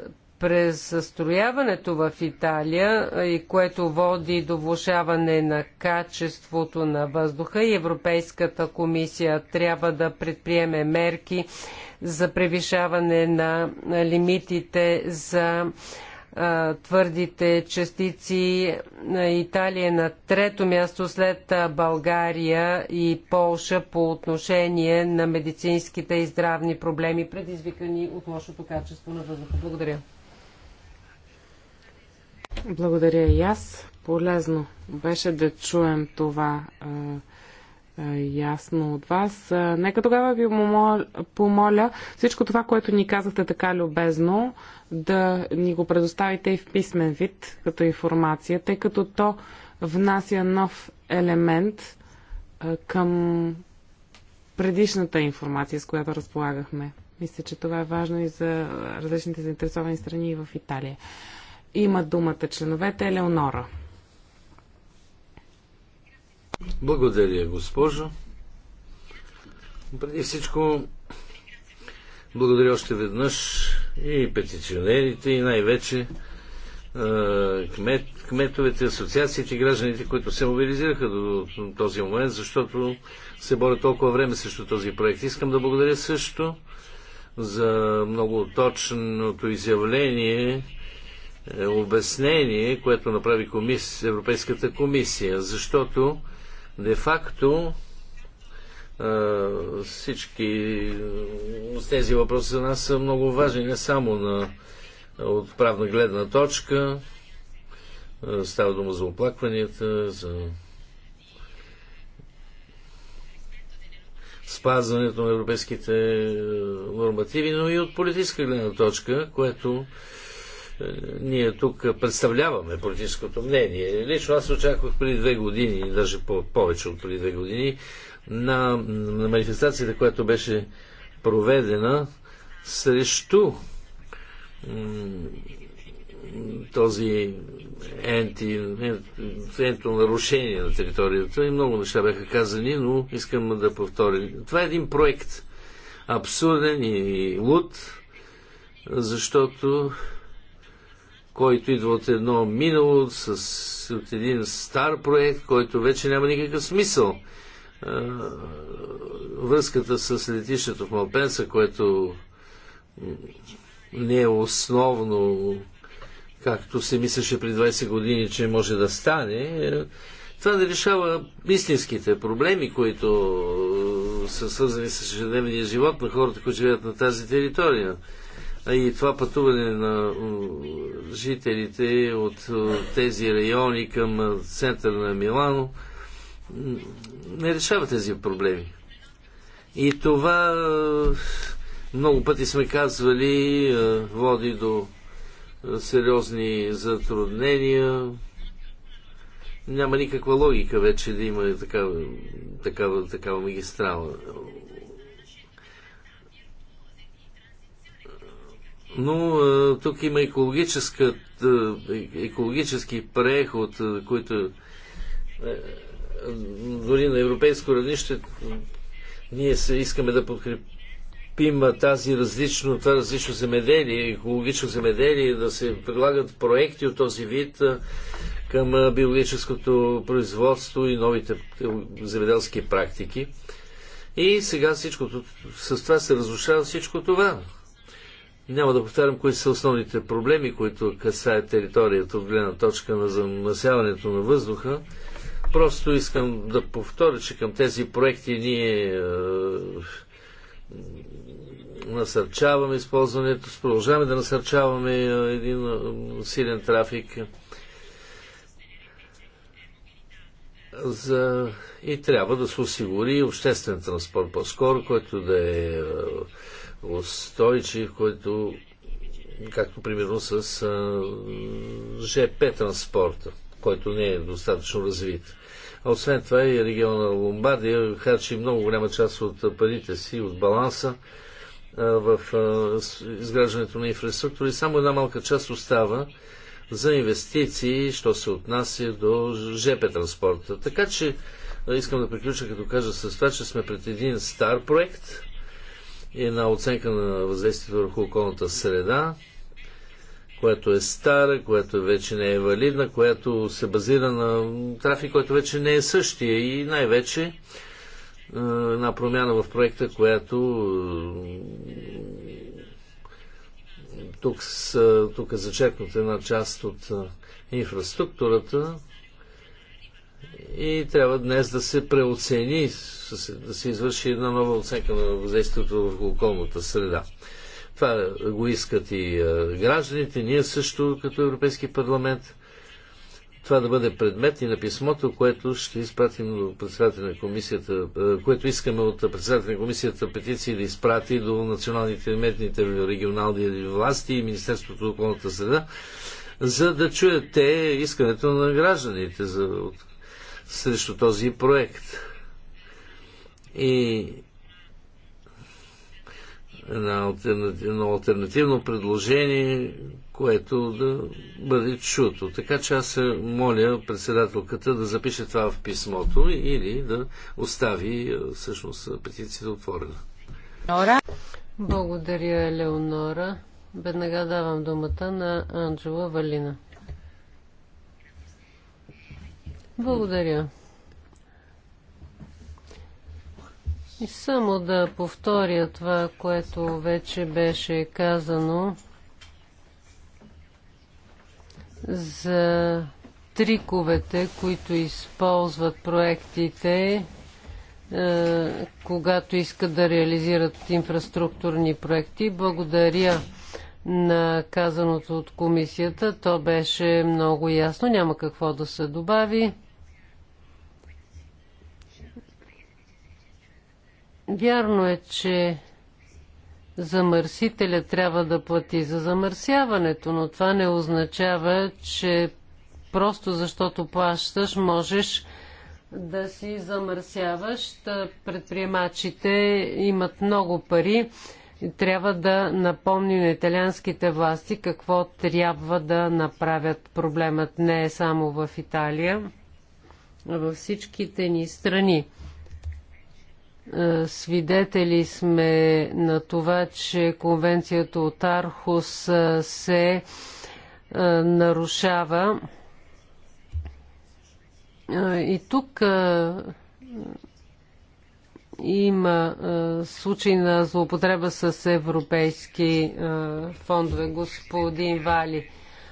състрояването в Италия е, и което води до влушаване на качеството на въздуха и Европейската комисия трябва да предприеме мерки за превишаване на лимитите за е, твърдите частици. Италия е на трето място след България и Полша по отношение на медицинските и здравни проблеми, предизвикани от лошото качество на въздуха. Благодаря. Благодаря и аз. Полезно беше да чуем това е, ясно от вас. Е, нека тогава ви помоля всичко това, което ни казахте така любезно, да ни го предоставите и в писмен вид като информация, тъй като то внася нов елемент е, към предишната информация, с която разполагахме. Мисля, че това е важно и за различните заинтересовани страни и в Италия. Има думата членовете Елеонора. Благодаря, госпожо. Преди всичко, благодаря още веднъж и петиционерите, и най-вече кмет, кметовете, асоциациите и гражданите, които се мобилизираха до този момент, защото се борят толкова време срещу този проект. Искам да благодаря също за много точното изявление, е, обяснение, което направи комис... Европейската комисия, защото де-факто всички с тези въпроси за нас са много важни, не само на, от правна гледна точка. Става дума за оплакванията, за спазването на европейските нормативи, но и от политическа гледна точка, което ние тук представляваме политическото мнение. Лично аз очаквах преди две години, даже по- повече от преди две години, на, на манифестацията, която беше проведена срещу този енти, енто нарушение на територията и много неща бяха казани, но искам да повторя. Това е един проект абсурден и луд, защото който идва от едно минало, с, от един стар проект, който вече няма никакъв смисъл. Връзката с летището в Малпенса, което не е основно, както се мислеше при 20 години, че може да стане, е, това не решава истинските проблеми, които е, са свързани с ежедневния живот на хората, които живеят на тази територия. И това пътуване на жителите от тези райони към центъра на Милано не решава тези проблеми. И това много пъти сме казвали води до сериозни затруднения. Няма никаква логика вече да има такава, такава, такава магистрала. Но а, тук има екологическа, е, екологически преход, който е, дори на европейско равнище ние се искаме да подкрепим тази различно, това различно земеделие, екологично земеделие, да се предлагат проекти от този вид към биологическото производство и новите е, земеделски практики. И сега всичко, с това се разрушава всичко това. Няма да повтарям кои са основните проблеми, които касаят територията от гледна точка на замърсяването на въздуха. Просто искам да повторя, че към тези проекти ние е, насърчаваме използването, продължаваме да насърчаваме е, един е, силен трафик. За... И трябва да се осигури обществен транспорт по-скоро, който да е, е устойчив, който както примерно с а, ЖП транспорта, който не е достатъчно развит. А освен това и региона Ломбардия харчи много голяма част от парите си, от баланса а, в а, изграждането на инфраструктура и само една малка част остава за инвестиции, що се отнася до ЖП транспорта. Така че искам да приключа като кажа с това, че сме пред един стар проект, една оценка на въздействието върху околната среда, която е стара, която вече не е валидна, която се базира на трафик, който вече не е същия и най-вече е, една промяна в проекта, която е, тук, са, тук е зачеркната една част от е, инфраструктурата и трябва днес да се преоцени да се извърши една нова оценка на въздействието върху околната среда. Това го искат и е, гражданите, ние също като Европейски парламент. Това да бъде предмет и на писмото, което ще изпратим до председателя на комисията, е, което искаме от председателя на комисията петиции да изпрати до националните медните регионални власти и Министерството на околната среда, за да чуят те искането на гражданите за, срещу този проект и едно альтернативно, альтернативно предложение, което да бъде чуто. Така че аз се моля председателката да запише това в писмото или да остави всъщност петицията отворена. Благодаря, Леонора. Веднага давам думата на Анджела Валина. Благодаря. И само да повторя това, което вече беше казано за триковете, които използват проектите, е, когато искат да реализират инфраструктурни проекти. Благодаря на казаното от комисията. То беше много ясно. Няма какво да се добави. Вярно е, че замърсителя трябва да плати за замърсяването, но това не означава, че просто защото плащаш, можеш да си замърсяваш. Предприемачите имат много пари. Трябва да напомним на италианските власти какво трябва да направят. Проблемът не е само в Италия, а във всичките ни страни. Е, свидетели сме на това, че конвенцията от Архус е, се е, нарушава. И тук има случай на злоупотреба с европейски фондове, господин Вали.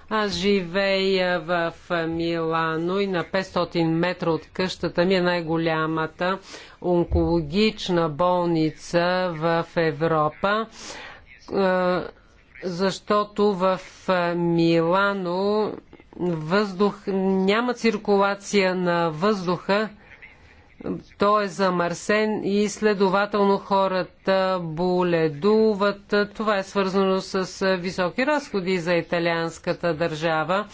Аз живея в Милано и на 500 метра от къщата ми е най-голямата онкологична болница в Европа, защото в Милано въздух, няма циркулация на въздуха той е замърсен и следователно хората боледуват. Това е свързано с високи разходи за италианската държава,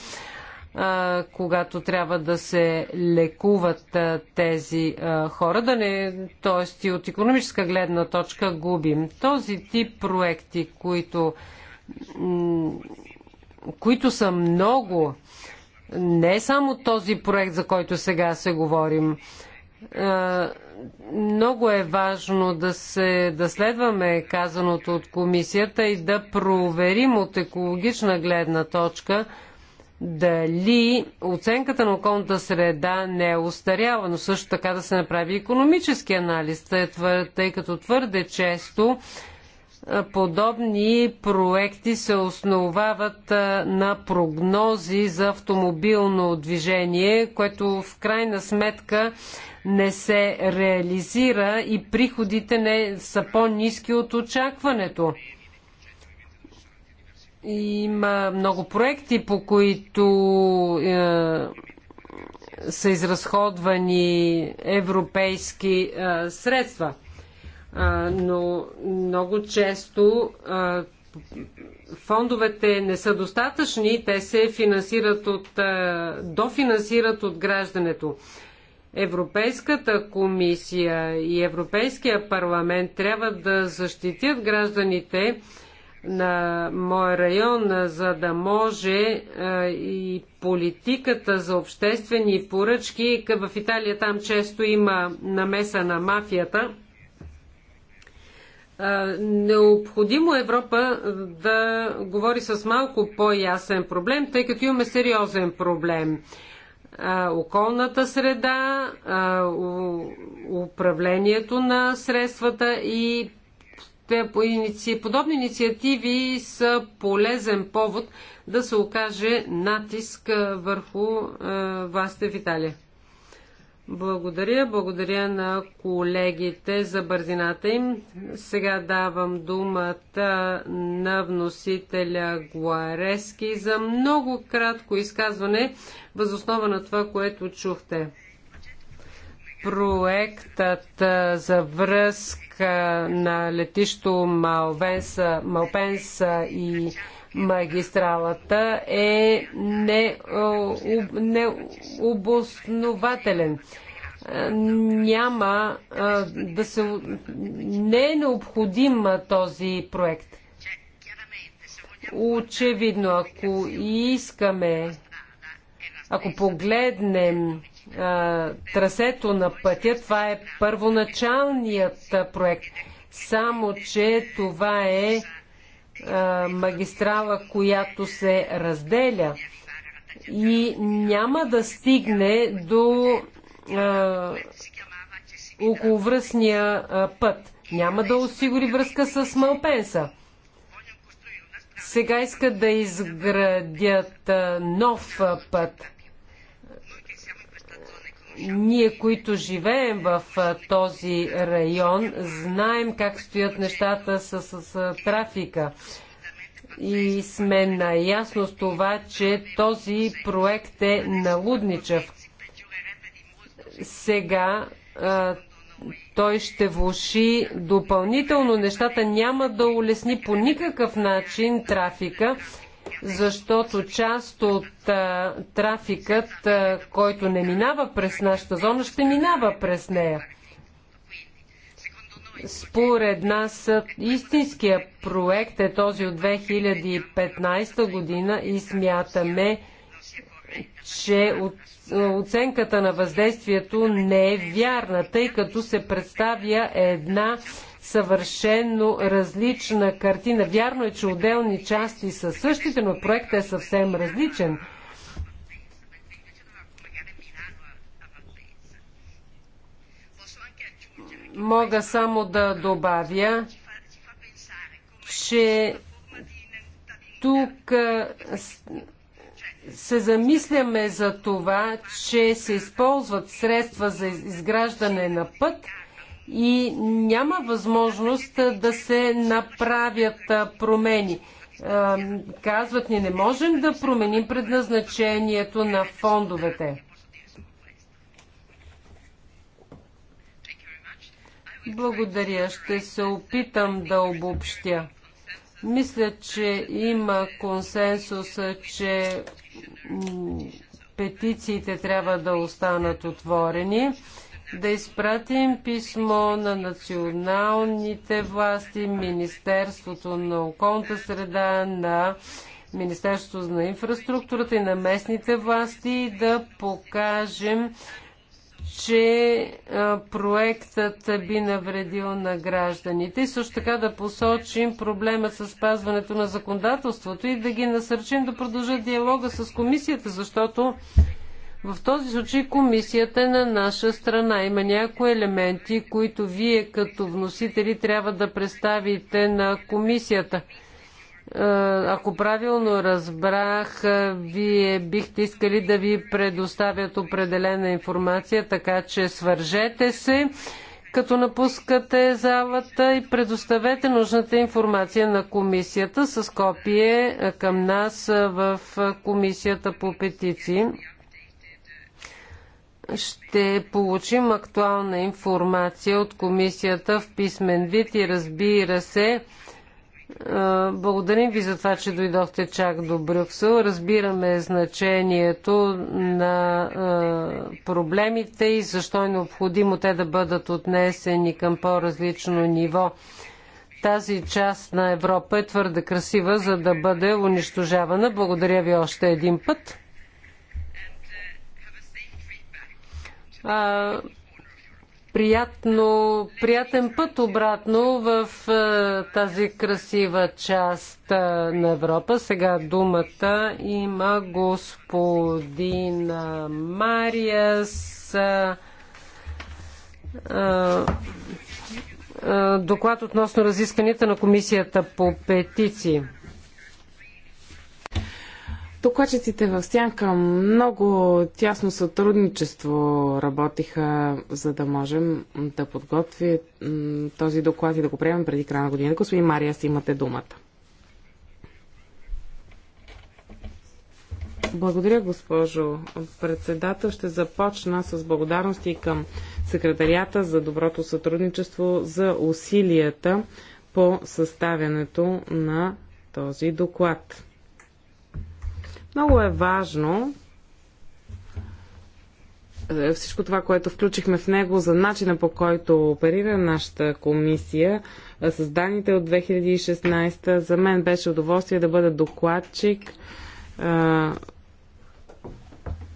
когато трябва да се лекуват тези хора. Да не, т.е. и от економическа гледна точка губим. Този тип проекти, които, които са много, не е само този проект, за който сега се говорим, е, много е важно да, се, да следваме казаното от комисията и да проверим от екологична гледна точка дали оценката на околната среда не е устаряла, но също така да се направи економически анализ, тъй като твърде често подобни проекти се основават на прогнози за автомобилно движение, което в крайна сметка не се реализира и приходите не са по-низки от очакването. Има много проекти, по които е, са изразходвани европейски е, средства но много често фондовете не са достатъчни, те се финансират от, дофинансират от граждането. Европейската комисия и Европейския парламент трябва да защитят гражданите на моя район, за да може и политиката за обществени поръчки, в Италия там често има намеса на мафията – Необходимо е Европа да говори с малко по-ясен проблем, тъй като имаме сериозен проблем. Околната среда, управлението на средствата и подобни инициативи са полезен повод да се окаже натиск върху властите в Италия. Благодаря. Благодаря на колегите за бързината им. Сега давам думата на вносителя Гуарески за много кратко изказване възоснова на това, което чухте. Проектът за връзка на летището Малпенса и магистралата е, е необоснователен. Не Няма е, да се. Не е необходим този проект. Очевидно, ако искаме, ако погледнем а, е, трасето на пътя, това е първоначалният проект. Само, че това е магистрала, която се разделя и няма да стигне до а, околовръстния а, път. Няма да осигури връзка с Малпенса. Сега искат да изградят а, нов а, път ние, които живеем в този район, знаем как стоят нещата с, с, с трафика. И сме наясно с това, че този проект е налудничав. Сега а, той ще влуши допълнително нещата, няма да улесни по никакъв начин трафика защото част от а, трафикът, а, който не минава през нашата зона, ще минава през нея. Според нас истинския проект е този от 2015 година и смятаме, че оценката на въздействието не е вярна, тъй като се представя една съвършено различна картина. Вярно е, че отделни части са същите, но проектът е съвсем различен. Мога само да добавя, че тук се замисляме за това, че се използват средства за изграждане на път – и няма възможност да се направят промени. Казват ни, не можем да променим предназначението на фондовете. Благодаря. Ще се опитам да обобщя. Мисля, че има консенсус, че петициите трябва да останат отворени да изпратим писмо на националните власти, Министерството на околната среда, на Министерството на инфраструктурата и на местните власти да покажем, че проектът би навредил на гражданите и също така да посочим проблема с спазването на законодателството и да ги насърчим да продължат диалога с комисията, защото в този случай комисията е на наша страна. Има някои елементи, които вие като вносители трябва да представите на комисията. Е, ако правилно разбрах, е, вие бихте искали да ви предоставят определена информация, така че свържете се като напускате залата и предоставете нужната информация на комисията с копие е, към нас в комисията по петиции ще получим актуална информация от комисията в писмен вид и разбира се, благодарим ви за това, че дойдохте чак до Брюксел. Разбираме значението на проблемите и защо е необходимо те да бъдат отнесени към по-различно ниво. Тази част на Европа е твърде красива, за да бъде унищожавана. Благодаря ви още един път. а, приятно, приятен път обратно в а, тази красива част а, на Европа. Сега думата има господин Мариас. А, доклад относно разисканията на комисията по петиции. Докладчиците в Сянка много тясно сътрудничество работиха, за да можем да подготви този доклад и да го приемем преди края на година. Господин Мария, си имате думата. Благодаря, госпожо председател. Ще започна с благодарности към секретарията за доброто сътрудничество, за усилията по съставянето на този доклад. Много е важно е, всичко това, което включихме в него за начина по който оперира нашата комисия е, с данните от 2016. За мен беше удоволствие да бъда докладчик е,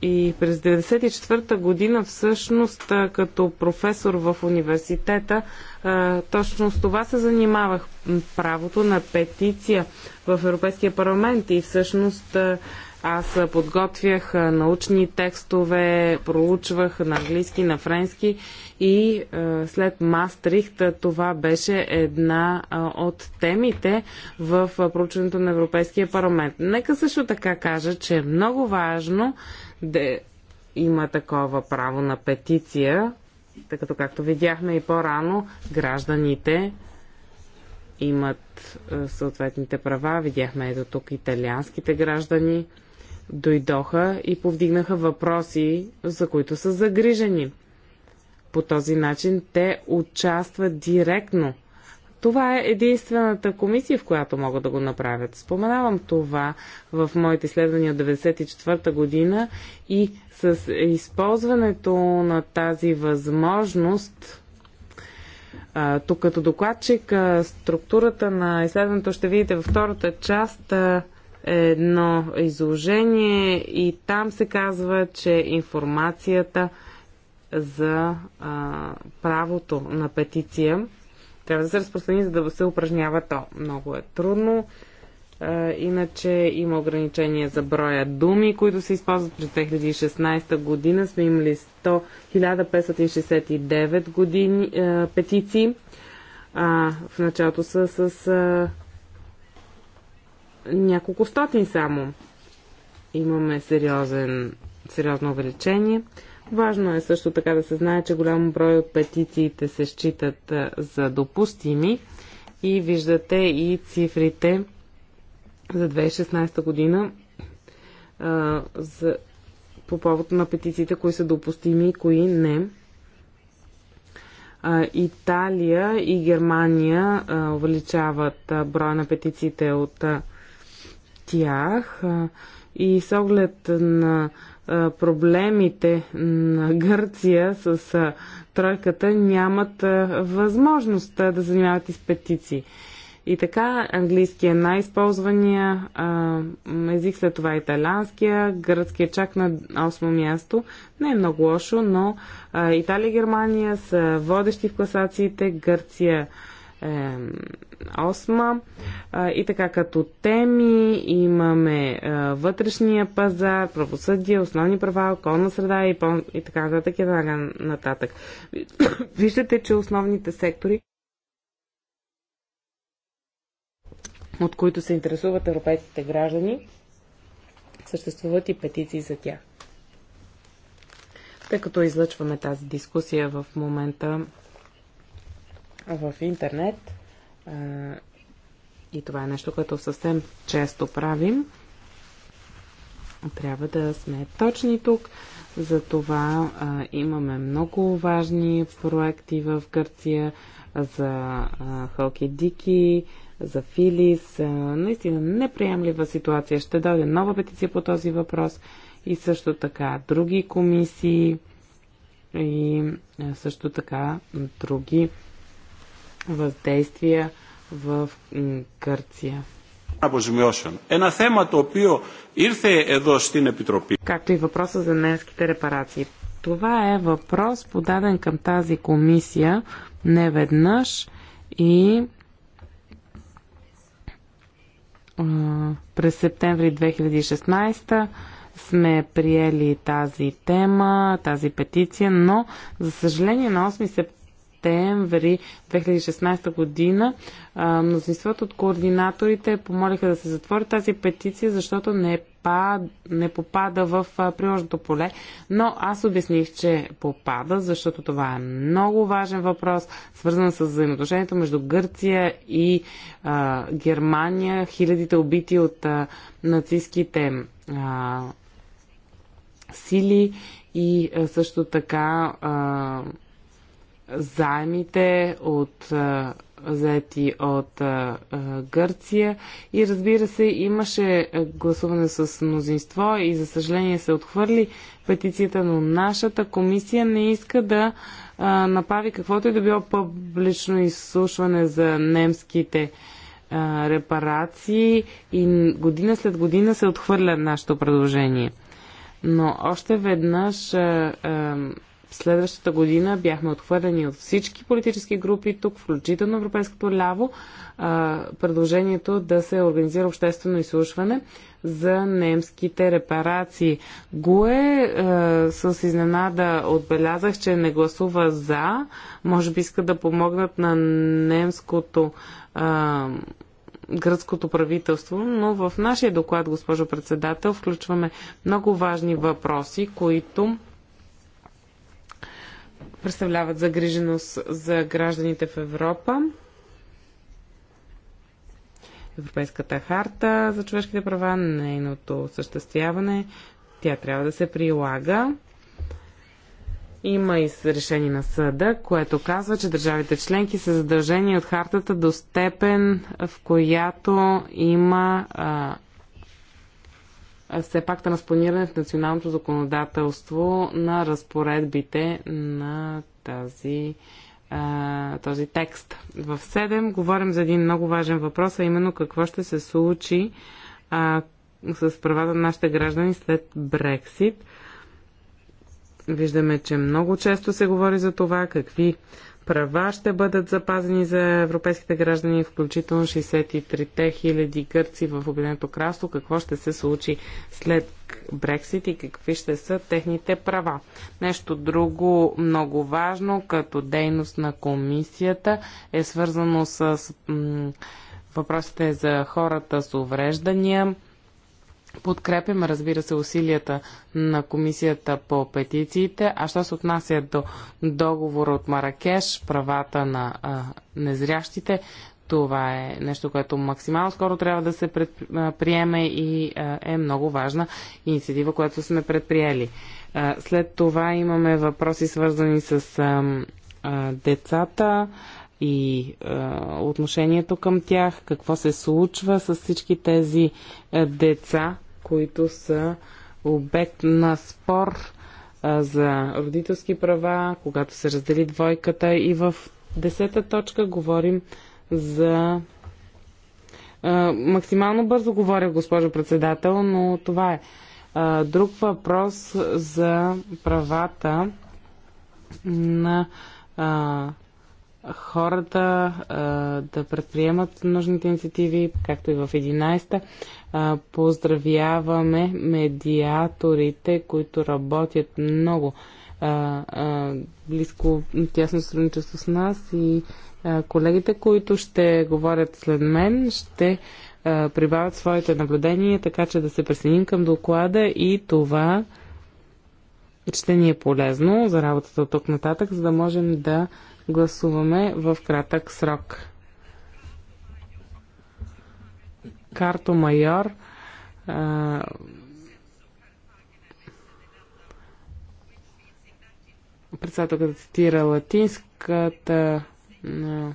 и през 1994-та година всъщност като професор в университета точно с това се занимавах правото на петиция в Европейския парламент и всъщност аз подготвях научни текстове, проучвах на английски, на френски и е, след Мастрихт това беше една е, от темите в проучването на Европейския парламент. Нека също така кажа, че е много важно да има такова право на петиция, тъй като както видяхме и по-рано, гражданите имат съответните права. Видяхме ето тук италианските граждани – дойдоха и повдигнаха въпроси, за които са загрижени. По този начин те участват директно. Това е единствената комисия, в която могат да го направят. Споменавам това в моите изследвания от 1994 година и с използването на тази възможност тук като докладчик структурата на изследването ще видите във втората част едно изложение и там се казва, че информацията за а, правото на петиция трябва да се разпространи, за да се упражнява то. Много е трудно. А, иначе има ограничение за броя думи, които се използват през 2016 година. Сме имали 100, 1569 години, а, петиции. А, в началото са с. А, няколко стотин само. Имаме сериозен, сериозно увеличение. Важно е също така да се знае, че голям брой от петициите се считат за допустими и виждате и цифрите за 2016 година а, за, по повод на петициите, кои са допустими и кои не. А, Италия и Германия а, увеличават броя на петициите от а, тях и с оглед на проблемите на Гърция с тройката нямат възможност да занимават и с петиции. И така, английския е най-използвания език, след това е италианския, гръцкия е чак на 8 място. Не е много лошо, но Италия и Германия са водещи в класациите, Гърция 8. И така като теми имаме вътрешния пазар, правосъдие, основни права, околна среда и, по- и така нататък и така нататък. Виждате, че основните сектори от които се интересуват европейските граждани, съществуват и петиции за тях. Тъй като излъчваме тази дискусия в момента в интернет. И това е нещо, което съвсем често правим. Трябва да сме точни тук. Затова а, имаме много важни проекти в Гърция за а, Халки Дики, за Филис. А, наистина неприемлива ситуация. Ще дойде нова петиция по този въпрос и също така други комисии и също така други въздействия в Гърция. Ένα θέμα το οποίο ήρθε εδώ στην Επιτροπή. Както и въпроса за немските репарации. Това е въпрос подаден към тази комисия не веднъж и през септември 2016 сме приели тази тема, тази петиция, но за съжаление на 8 септември септември 2016 година а, мнозинството от координаторите помолиха да се затвори тази петиция, защото не, па, не попада в приложното поле. Но аз обясних, че попада, защото това е много важен въпрос, свързан с взаимоотношението между Гърция и а, Германия, хилядите убити от а, нацистските а, сили и също така а, заемите от взети от а, а, Гърция. И разбира се, имаше гласуване с мнозинство и за съжаление се отхвърли петицията, но нашата комисия не иска да а, направи каквото и е да било публично изслушване за немските а, репарации и година след година се отхвърля нашето предложение. Но още веднъж а, а, Следващата година бяхме отхвърлени от всички политически групи, тук включително Европейското ляво, предложението да се организира обществено изслушване за немските репарации. Гуе с изненада отбелязах, че не гласува за. Може би иска да помогнат на немското гръцкото правителство, но в нашия доклад, госпожо председател, включваме много важни въпроси, които представляват загриженост за гражданите в Европа. Европейската харта за човешките права, нейното съществяване, тя трябва да се прилага. Има и решение на съда, което казва, че държавите членки са задължени от хартата до степен, в която има а, все пак транспониране в националното законодателство на разпоредбите на тази, а, този текст. В 7 говорим за един много важен въпрос, а именно какво ще се случи а, с правата на нашите граждани след Брексит. Виждаме, че много често се говори за това какви права ще бъдат запазени за европейските граждани, включително 63-те хиляди гърци в Обединеното кралство. Какво ще се случи след Брексит и какви ще са техните права? Нещо друго много важно като дейност на комисията е свързано с въпросите за хората с увреждания Подкрепяме, разбира се, усилията на комисията по петициите, а що се отнася до договора от Маракеш, правата на а, незрящите, това е нещо, което максимално скоро трябва да се предприеме и а, е много важна инициатива, която сме предприели. А, след това имаме въпроси свързани с а, децата и а, отношението към тях, какво се случва с всички тези а, деца, които са обект на спор а, за родителски права, когато се раздели двойката и в десета точка говорим за а, максимално бързо говоря, госпожо председател, но това е. А, друг въпрос за правата на а, хората а, да предприемат нужните инициативи, както и в 11-та. Поздравяваме медиаторите, които работят много а, а, близко, тясно сътрудничество с нас и а, колегите, които ще говорят след мен, ще а, прибавят своите наблюдения, така че да се присъединим към доклада и това ще ни е полезно за работата от тук нататък, за да можем да а, гласуваме в кратък срок. Карто майор а, председателката цитира латинската а,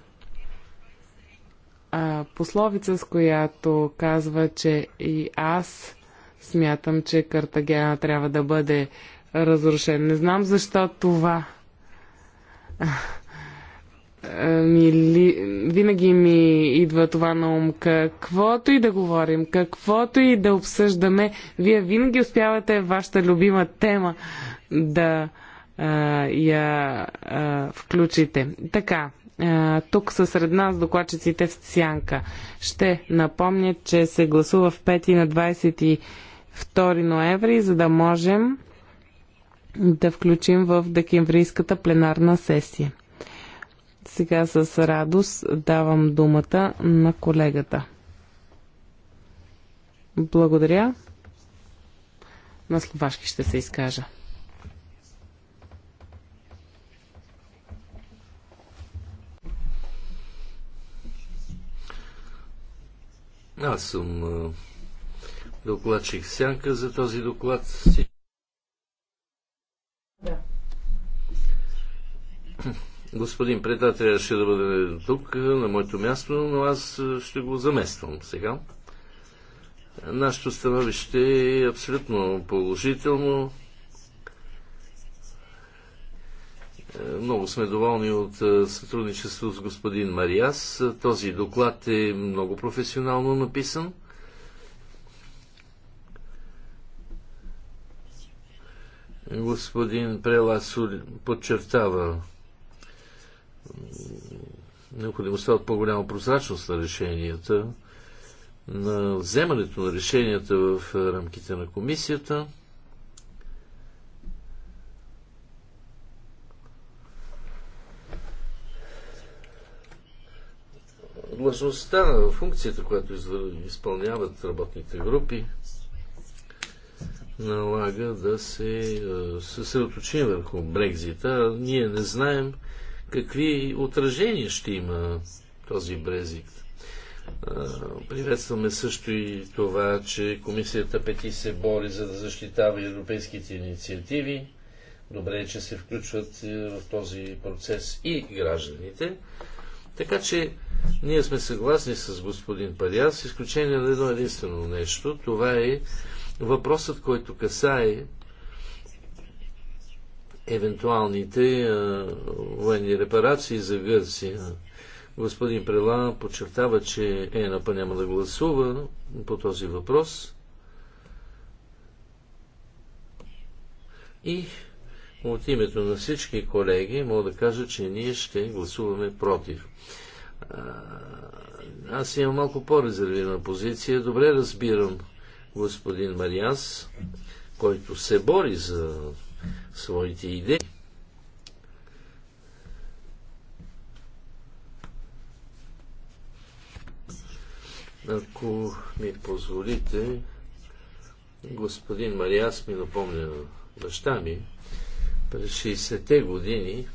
а, пословица, с която казва, че и аз смятам, че Картагена трябва да бъде разрушен. Не знам защо това е, ли, винаги ми идва това на ум. Каквото и да говорим, каквото и да обсъждаме, вие винаги успявате вашата любима тема да а, е, я а, е, включите. Така, а, тук са сред нас докладчиците в Сянка. Ще напомня, че се гласува в 5 на 22 ноември, за да можем да включим в декемврийската пленарна сесия. Сега с радост давам думата на колегата. Благодаря. На словашки ще се изкажа. Аз съм докладчик Сянка за този доклад. Да. Господин Прета трябваше да бъде тук, на моето място, но аз е, ще го замествам сега. Нашето становище е абсолютно положително. Е, много сме доволни от е, сътрудничество с господин Мариас. Този доклад е много професионално написан. Господин Прелас подчертава необходимостта от по-голяма прозрачност на решенията, на вземането на решенията в рамките на комисията. Длъжността, функцията, която изпълняват работните групи, налага да се съсредоточим върху Брекзита. Ние не знаем какви отражения ще има този брезик. Приветстваме също и това, че Комисията Пети се бори за да защитава европейските инициативи. Добре е, че се включват е, в този процес и гражданите. Така че ние сме съгласни с господин Пария, с изключение на едно единствено нещо. Това е въпросът, който касае евентуалните а, военни репарации за Гърция. Господин Прела подчертава, че ЕНАПА няма да гласува по този въпрос. И от името на всички колеги мога да кажа, че ние ще гласуваме против. Аз имам малко по-резервирана позиция. Добре разбирам господин Мариас, който се бори за своите идеи. Ако ми позволите, господин Мариас ми напомня баща ми, през 60-те години,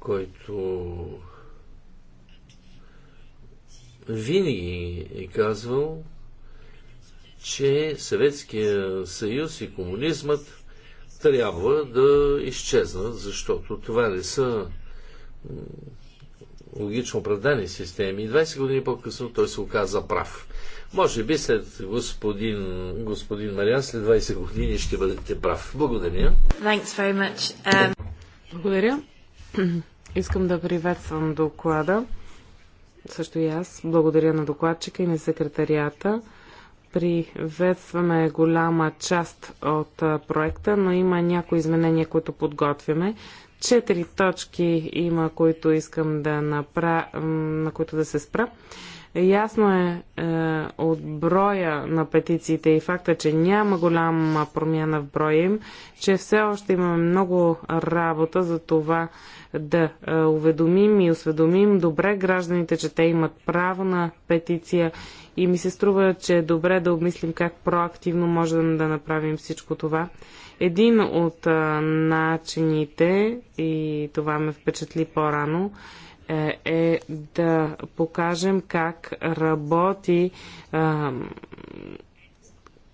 който винаги е казвал, че Съветския съюз и комунизмът трябва да изчезнат, защото това не са логично оправдани системи. И 20 години по-късно той се оказа прав. Може би след господин, господин Мариан, след 20 години ще бъдете прав. Благодаря. Um... Благодаря. Искам да приветствам доклада. Също и аз. Благодаря на докладчика и на секретарията приветстваме голяма част от проекта, но има някои изменения, които подготвяме. Четири точки има, които искам да направя, на които да се спра. Ясно е, е от броя на петициите и факта, че няма голяма промяна в броя им, че все още имаме много работа за това да е, уведомим и осведомим добре гражданите, че те имат право на петиция и ми се струва, че е добре да обмислим как проактивно можем да направим всичко това. Един от е, начините, и това ме впечатли по-рано, е, е да покажем как работи а,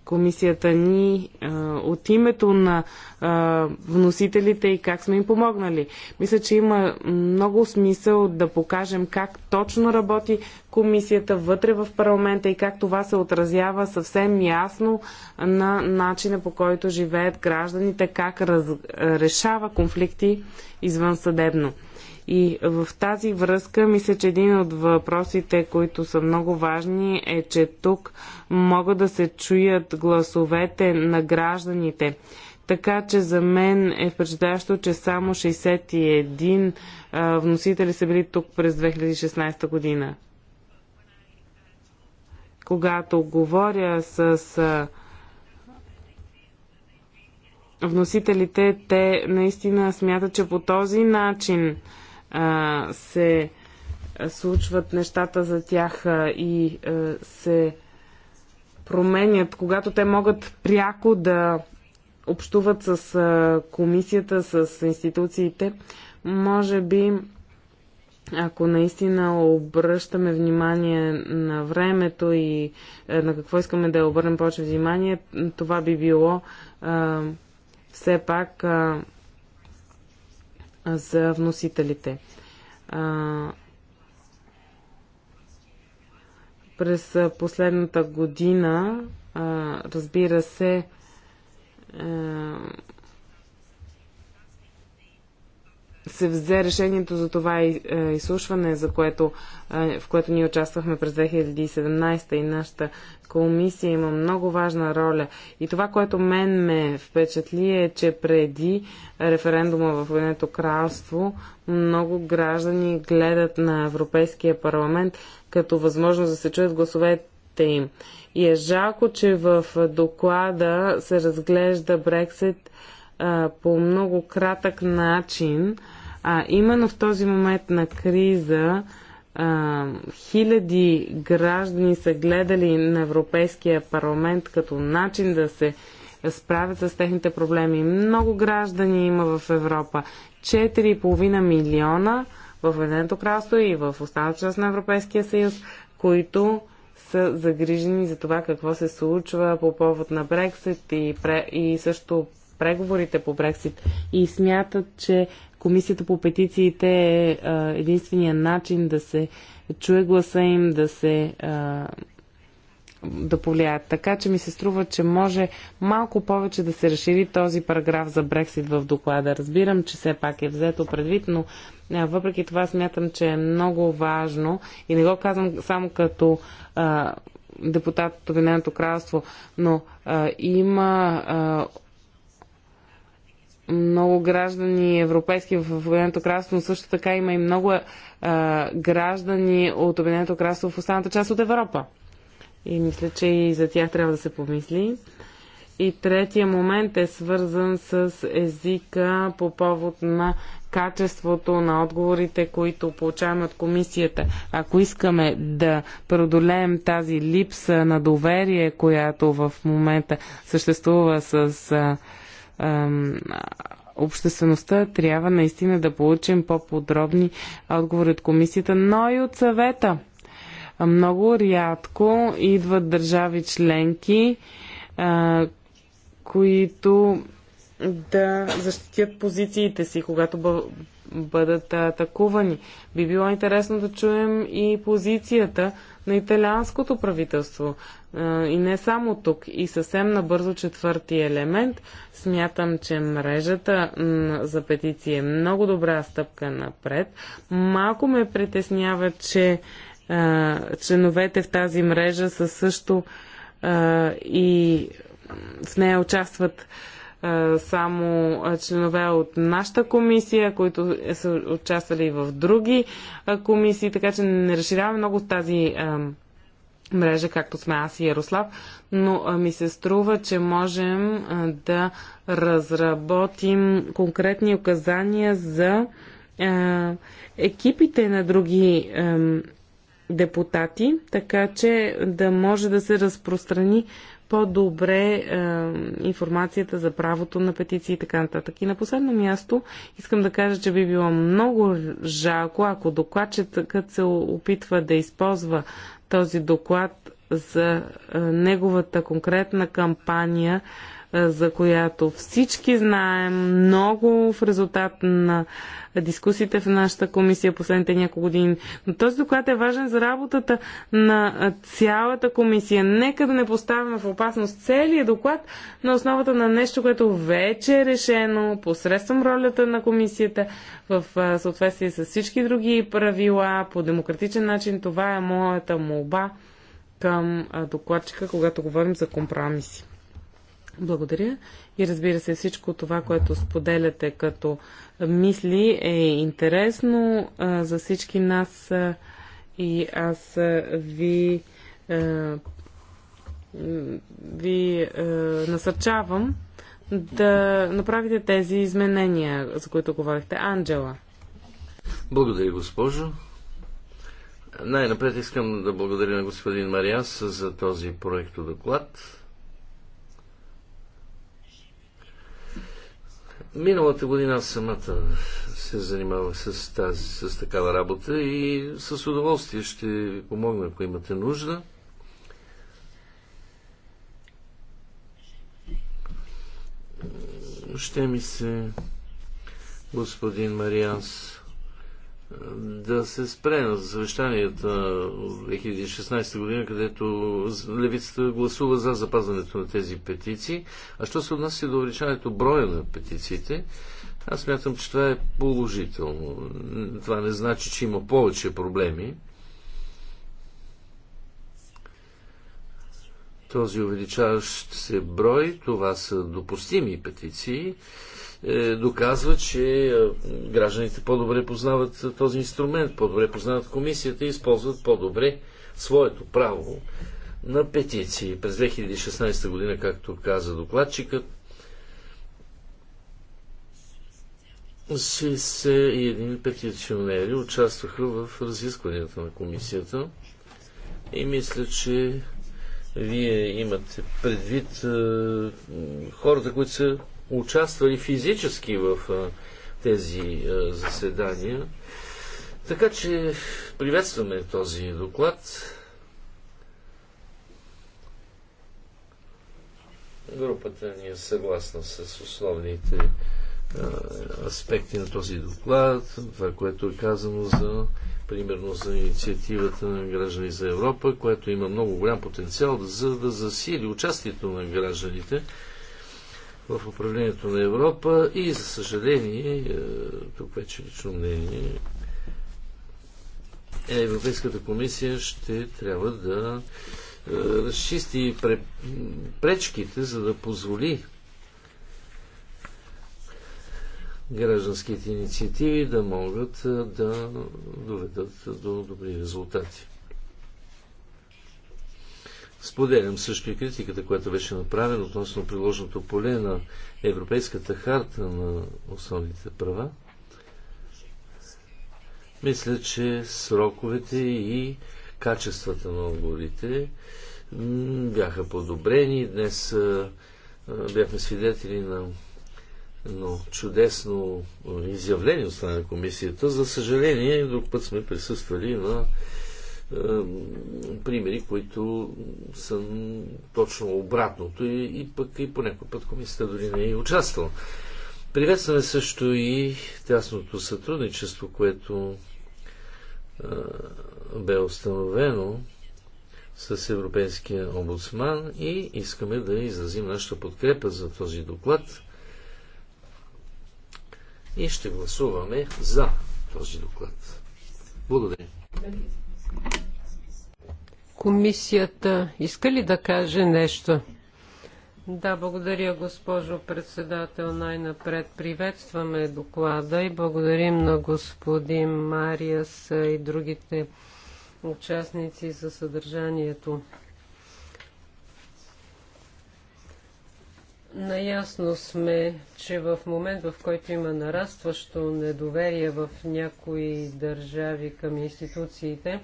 комисията ни а, от името на а, вносителите и как сме им помогнали. Мисля, че има много смисъл да покажем как точно работи комисията вътре в парламента и как това се отразява съвсем ясно на начина по който живеят гражданите, как раз, решава конфликти извън съдебно. И в тази връзка, мисля, че един от въпросите, които са много важни, е, че тук могат да се чуят гласовете на гражданите. Така че за мен е впечатляващо, че само 61 вносители са били тук през 2016 година. Когато говоря с вносителите, те наистина смятат, че по този начин а, се случват нещата за тях и а, се променят, когато те могат пряко да общуват с а, комисията, с институциите, може би ако наистина обръщаме внимание на времето и на какво искаме да обърнем повече внимание, това би било а, все пак а, за вносителите. А, през последната година, а, разбира се, а, се взе решението за това е, изслушване, за което, е, в което ние участвахме през 2017 и нашата комисия има много важна роля. И това, което мен ме впечатли е, че преди референдума в Обединеното кралство много граждани гледат на Европейския парламент като възможност да се чуят гласовете им. И е жалко, че в доклада се разглежда Брексит а, по много кратък начин, а именно в този момент на криза, а, хиляди граждани са гледали на Европейския парламент като начин да се справят с техните проблеми. Много граждани има в Европа. 4,5 милиона в Единеното кралство и в останалата част на Европейския съюз, които са загрижени за това какво се случва по повод на Брексит и, пре... и също преговорите по Брексит и смятат, че Комисията по петициите е единствения начин да се чуе гласа им, да се да повлияят. Така че ми се струва, че може малко повече да се разшири този параграф за Брексит в доклада. Разбирам, че все пак е взето предвид, но въпреки това смятам, че е много важно и не го казвам само като а, депутат от Обединеното кралство, но а, има а, много граждани европейски в Обединеното кралство, но също така има и много а, граждани от Обединеното кралство в останата част от Европа. И мисля, че и за тях трябва да се помисли. И третия момент е свързан с езика по повод на качеството на отговорите, които получаваме от комисията. Ако искаме да преодолеем тази липса на доверие, която в момента съществува с обществеността трябва наистина да получим по-подробни отговори от комисията, но и от съвета. Много рядко идват държави членки, които да защитят позициите си, когато бъдат атакувани. Би било интересно да чуем и позицията на италианското правителство. И не само тук. И съвсем набързо четвърти елемент. Смятам, че мрежата за петиции е много добра стъпка напред. Малко ме притеснява, че членовете в тази мрежа са също и в нея участват само членове от нашата комисия, които са участвали и в други комисии, така че не разширяваме много тази мрежа, както сме аз и Ярослав, но ми се струва, че можем да разработим конкретни указания за екипите на други депутати, така че да може да се разпространи по-добре е, информацията за правото на петиции и така нататък. И на последно място искам да кажа, че би било много жалко, ако докладчикът се опитва да използва този доклад за е, неговата конкретна кампания за която всички знаем много в резултат на дискусиите в нашата комисия последните няколко години. Но този доклад е важен за работата на цялата комисия. Нека да не поставяме в опасност целият доклад на основата на нещо, което вече е решено посредством ролята на комисията в съответствие с всички други правила по демократичен начин. Това е моята молба към докладчика, когато говорим за компромиси. Благодаря. И разбира се, всичко това, което споделяте като мисли е интересно за всички нас и аз ви ви насърчавам да направите тези изменения, за които говорихте. Анджела. Благодаря, госпожо. Най-напред искам да благодаря на господин Мариас за този проект доклад. Миналата година аз самата се занимавах с, тази, с такава работа и с удоволствие ще ви помогна, ако имате нужда. Ще ми се господин Марианс да се спре на завещанията 2016 година, където левицата гласува за запазването на тези петиции. А що се отнася до увеличаването броя на петициите, аз мятам, че това е положително. Това не значи, че има повече проблеми. Този увеличаващ се брой, това са допустими петиции е, доказва, че е, гражданите по-добре познават е, този инструмент, по-добре познават комисията и използват по-добре своето право на петиции. През 2016 година, както каза докладчикът, 61 петиционери участваха в разискванията на комисията и мисля, че вие имате предвид е, хората, които са участвали физически в тези заседания. Така че приветстваме този доклад. Групата ни е съгласна с основните аспекти на този доклад, това, което е казано за, примерно, за инициативата на граждани за Европа, което има много голям потенциал за да засили участието на гражданите в управлението на Европа и за съжаление, е, тук вече лично мнение, е, Европейската комисия ще трябва да е, разчисти пречките, за да позволи гражданските инициативи да могат да доведат до добри резултати. Споделям също и критиката, която беше направена относно приложното поле на Европейската харта на основните права. Мисля, че сроковете и качествата на отговорите бяха подобрени. Днес бяхме свидетели на едно чудесно изявление от страна на комисията. За съжаление, друг път сме присъствали на примери, които са точно обратното и, и пък и по някой път комисията дори не е участвала. Приветстваме също и тясното сътрудничество, което а, бе установено с Европейския омбудсман и искаме да изразим нашата подкрепа за този доклад и ще гласуваме за този доклад. Благодаря. Комисията иска ли да каже нещо? Да, благодаря, госпожо председател. Най-напред приветстваме доклада и благодарим на господин Мариас и другите участници за съдържанието Наясно сме, че в момент, в който има нарастващо недоверие в някои държави към институциите,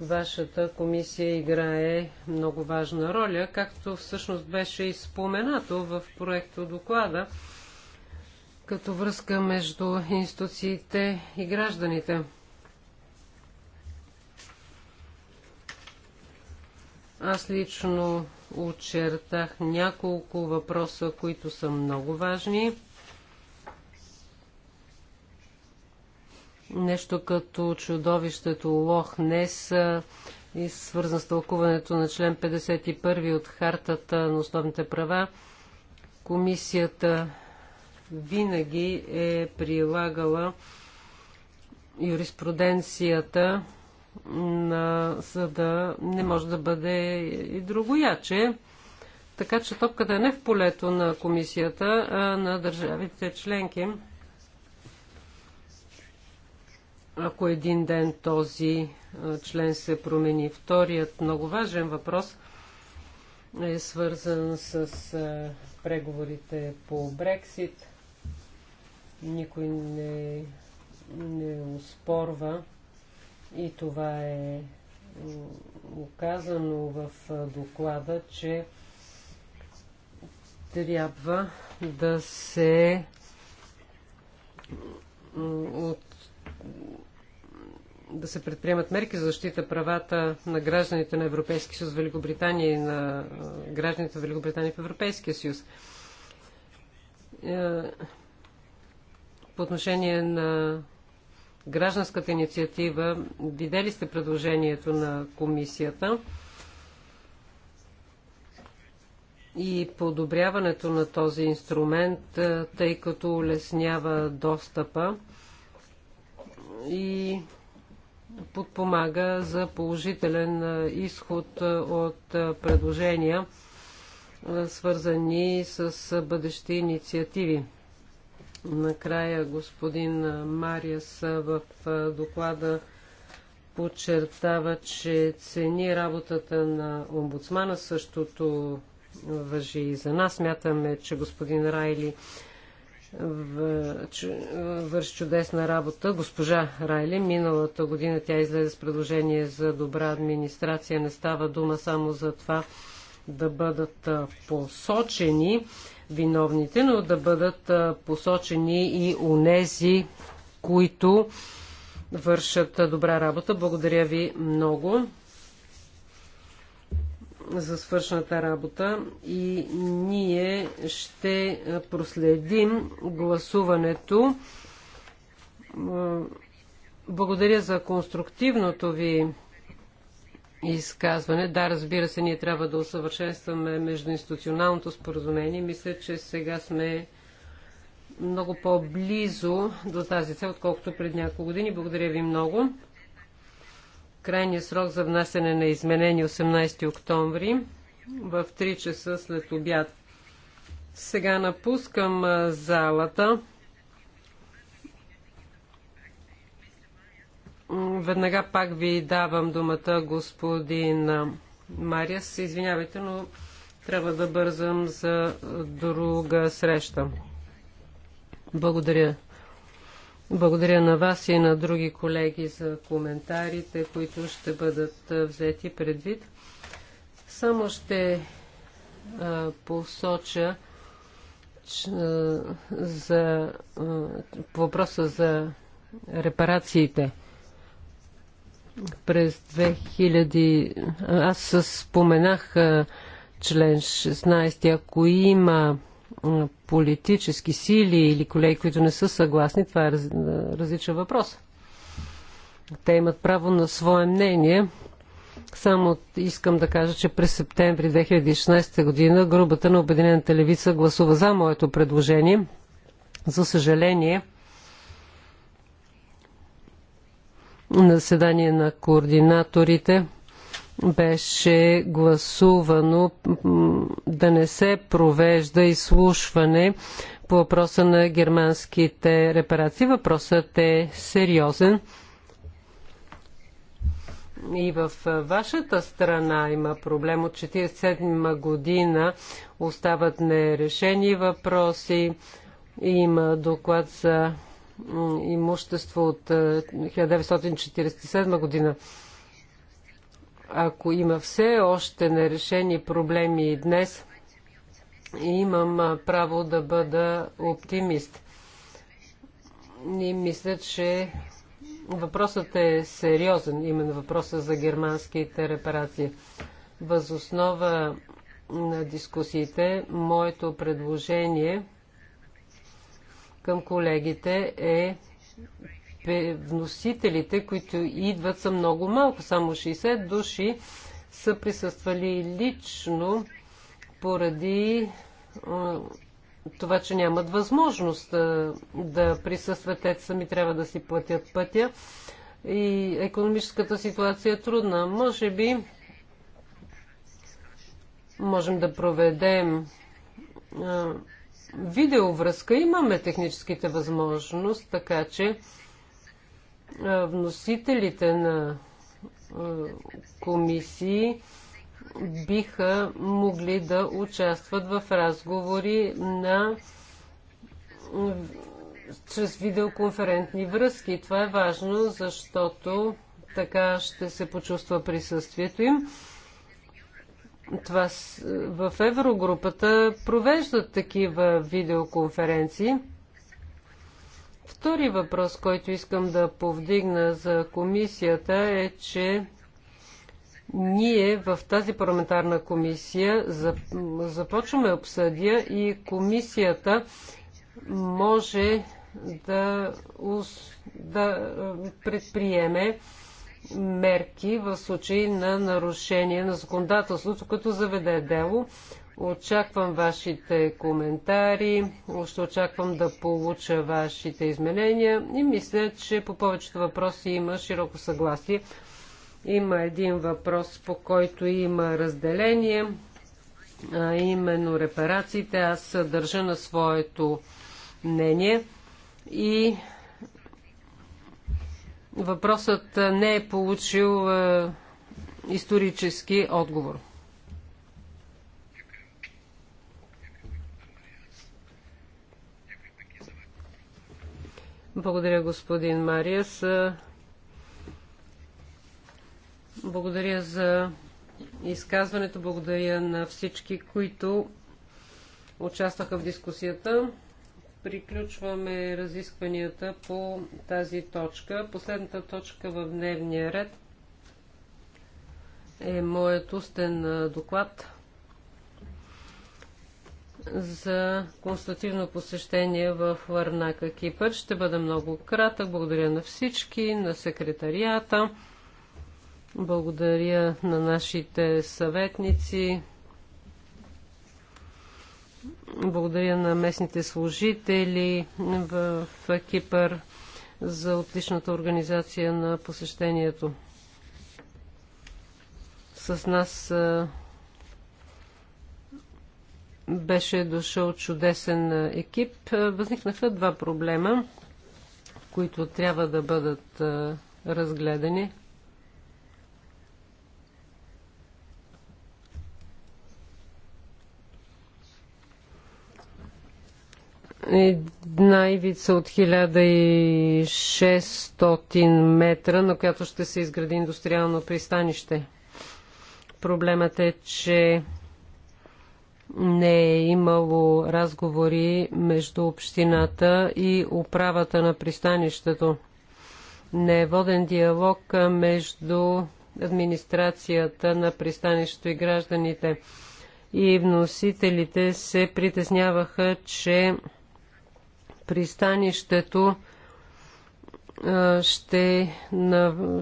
вашата комисия играе много важна роля, както всъщност беше и споменато в проекто доклада, като връзка между институциите и гражданите. Аз лично очертах няколко въпроса, които са много важни. Нещо като чудовището Лох Нес и свързан с тълкуването на член 51 от Хартата на основните права. Комисията винаги е прилагала юриспруденцията на съда не може да бъде и другояче. Така че топката е не в полето на комисията, а на държавите членки. Ако един ден този член се промени. Вторият много важен въпрос е свързан с преговорите по Брексит. Никой не, не успорва и това е оказано в доклада, че трябва да се от, да се предприемат мерки за защита правата на гражданите на Европейския съюз, в Великобритания и на гражданите на Великобритания в Европейския съюз. Е, по отношение на гражданската инициатива. Видели сте предложението на комисията и подобряването на този инструмент, е, тъй като улеснява достъпа и подпомага за положителен е, изход е, от предложения, свързани с бъдещи инициативи. Накрая господин Мариас в доклада подчертава, че цени работата на омбудсмана. Същото въжи и за нас. Мятаме, че господин Райли върши чудесна работа. Госпожа Райли, миналата година тя излезе с предложение за добра администрация. Не става дума само за това да бъдат посочени виновните, но да бъдат посочени и унези, които вършат добра работа. Благодаря ви много за свършната работа и ние ще проследим гласуването. Благодаря за конструктивното ви изказване. Да, разбира се, ние трябва да усъвършенстваме междуинституционалното споразумение. Мисля, че сега сме много по-близо до тази цел, отколкото пред няколко години. Благодаря ви много. Крайният срок за внасяне на изменение 18 е октомври в 3 часа след обяд. Сега напускам залата. Веднага пак ви давам думата, господин Мариас. Извинявайте, но трябва да бързам за друга среща. Благодаря. Благодаря на вас и на други колеги за коментарите, които ще бъдат взети предвид. Само ще а, посоча че, а, за а, въпроса за репарациите – през 2000... Аз споменах член 16. Ако има политически сили или колеги, които не са съгласни, това е раз... различен въпрос. Те имат право на свое мнение. Само искам да кажа, че през септември 2016 година групата на Обединената левица гласува за моето предложение. За съжаление, заседание на координаторите беше гласувано да не се провежда изслушване по въпроса на германските репарации. Въпросът е сериозен. И в вашата страна има проблем. От 1947 година остават нерешени въпроси. Има доклад за имущество от 1947 е, година. Ако има все още нерешени проблеми и днес, имам право да бъда оптимист. И мисля, че въпросът е сериозен, именно въпросът за германските репарации. Възоснова на дискусиите, моето предложение – към колегите е вносителите, които идват са много малко, само 60 души са присъствали лично поради това, че нямат възможност да присъстват. Те сами трябва да си платят пътя и економическата ситуация е трудна. Може би можем да проведем видеовръзка имаме техническите възможности, така че вносителите на комисии биха могли да участват в разговори на чрез видеоконферентни връзки. Това е важно, защото така ще се почувства присъствието им това в Еврогрупата провеждат такива видеоконференции. Втори въпрос, който искам да повдигна за комисията е, че ние в тази парламентарна комисия започваме обсъдия и комисията може да, да предприеме мерки в случай на нарушение на законодателството, като заведе дело. Очаквам вашите коментари, още очаквам да получа вашите изменения и мисля, че по повечето въпроси има широко съгласие. Има един въпрос, по който има разделение, а именно репарациите. Аз държа на своето мнение и въпросът не е получил исторически отговор. Благодаря, господин Мариас. Благодаря за изказването. Благодаря на всички, които участваха в дискусията приключваме разискванията по тази точка. Последната точка в дневния ред е моят устен доклад за констативно посещение в Варнака, Кипър. Ще бъда много кратък. Благодаря на всички, на секретарията. Благодаря на нашите съветници, благодаря на местните служители в Кипър за отличната организация на посещението. С нас беше дошъл чудесен екип. Възникнаха два проблема, които трябва да бъдат разгледани. една ивица от 1600 метра, на която ще се изгради индустриално пристанище. Проблемът е, че не е имало разговори между общината и управата на пристанището. Не е воден диалог между администрацията на пристанището и гражданите. И вносителите се притесняваха, че пристанището ще,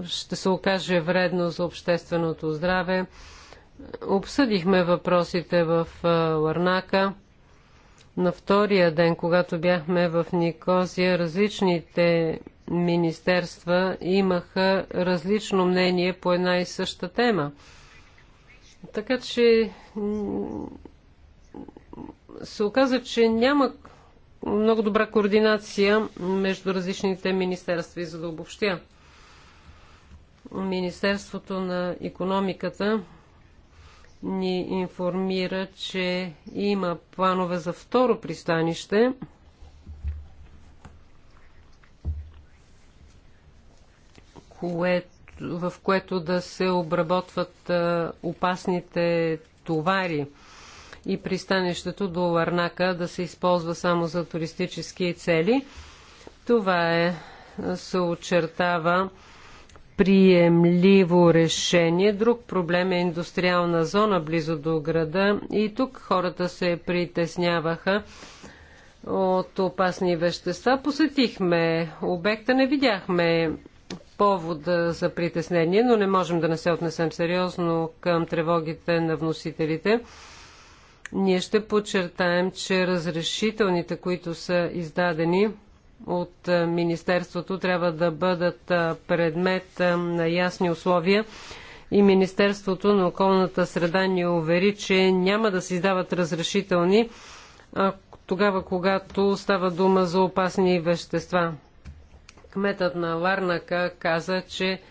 ще се окаже вредно за общественото здраве. Обсъдихме въпросите в Ларнака. На втория ден, когато бяхме в Никозия, различните министерства имаха различно мнение по една и съща тема. Така че се оказа, че няма много добра координация между различните министерства. И за да обобщя, Министерството на економиката ни информира, че има планове за второ пристанище. Което, в което да се обработват опасните товари и пристанището до Ларнака да се използва само за туристически цели. Това е, се очертава приемливо решение. Друг проблем е индустриална зона близо до града и тук хората се притесняваха от опасни вещества. Посетихме обекта, не видяхме повод за притеснение, но не можем да не се отнесем сериозно към тревогите на вносителите. Ние ще подчертаем, че разрешителните, които са издадени от е, Министерството, трябва да бъдат е, предмет е, на ясни условия и Министерството на околната среда ни увери, че няма да се издават разрешителни тогава, когато става дума за опасни вещества. Кметът на Ларнака каза, че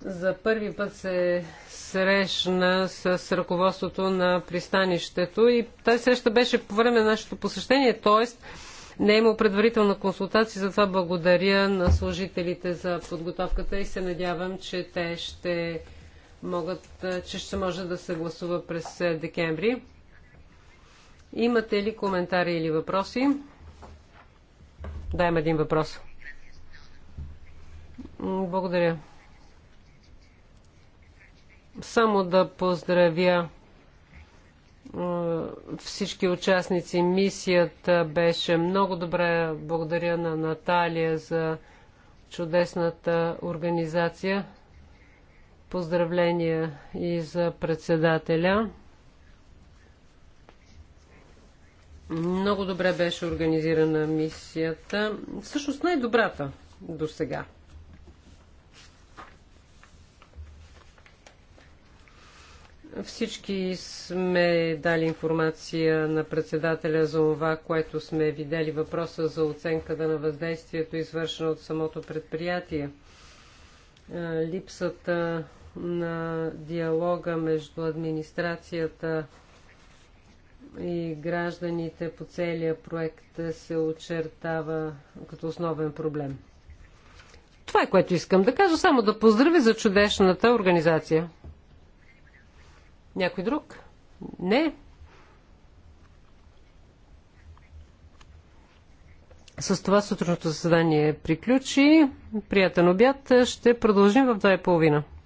за първи път се срещна с ръководството на пристанището и тази среща беше по време на нашето посещение, т.е. не е имал предварителна консултация, затова благодаря на служителите за подготовката и се надявам, че те ще могат, че ще може да се гласува през декември. Имате ли коментари или въпроси? Да, има един въпрос. Благодаря. Само да поздравя всички участници. Мисията беше много добра. Благодаря на Наталия за чудесната организация. Поздравления и за председателя. Много добре беше организирана мисията. Всъщност най-добрата до сега. Всички сме дали информация на председателя за това, което сме видели въпроса за оценката на въздействието, извършено от самото предприятие. Е, липсата на диалога между администрацията и гражданите по целия проект се очертава като основен проблем. Това е което искам да кажа, само да поздравя за чудесната организация. Някой друг? Не. С това сутрешното заседание приключи. Приятен обяд. Ще продължим в 2.30.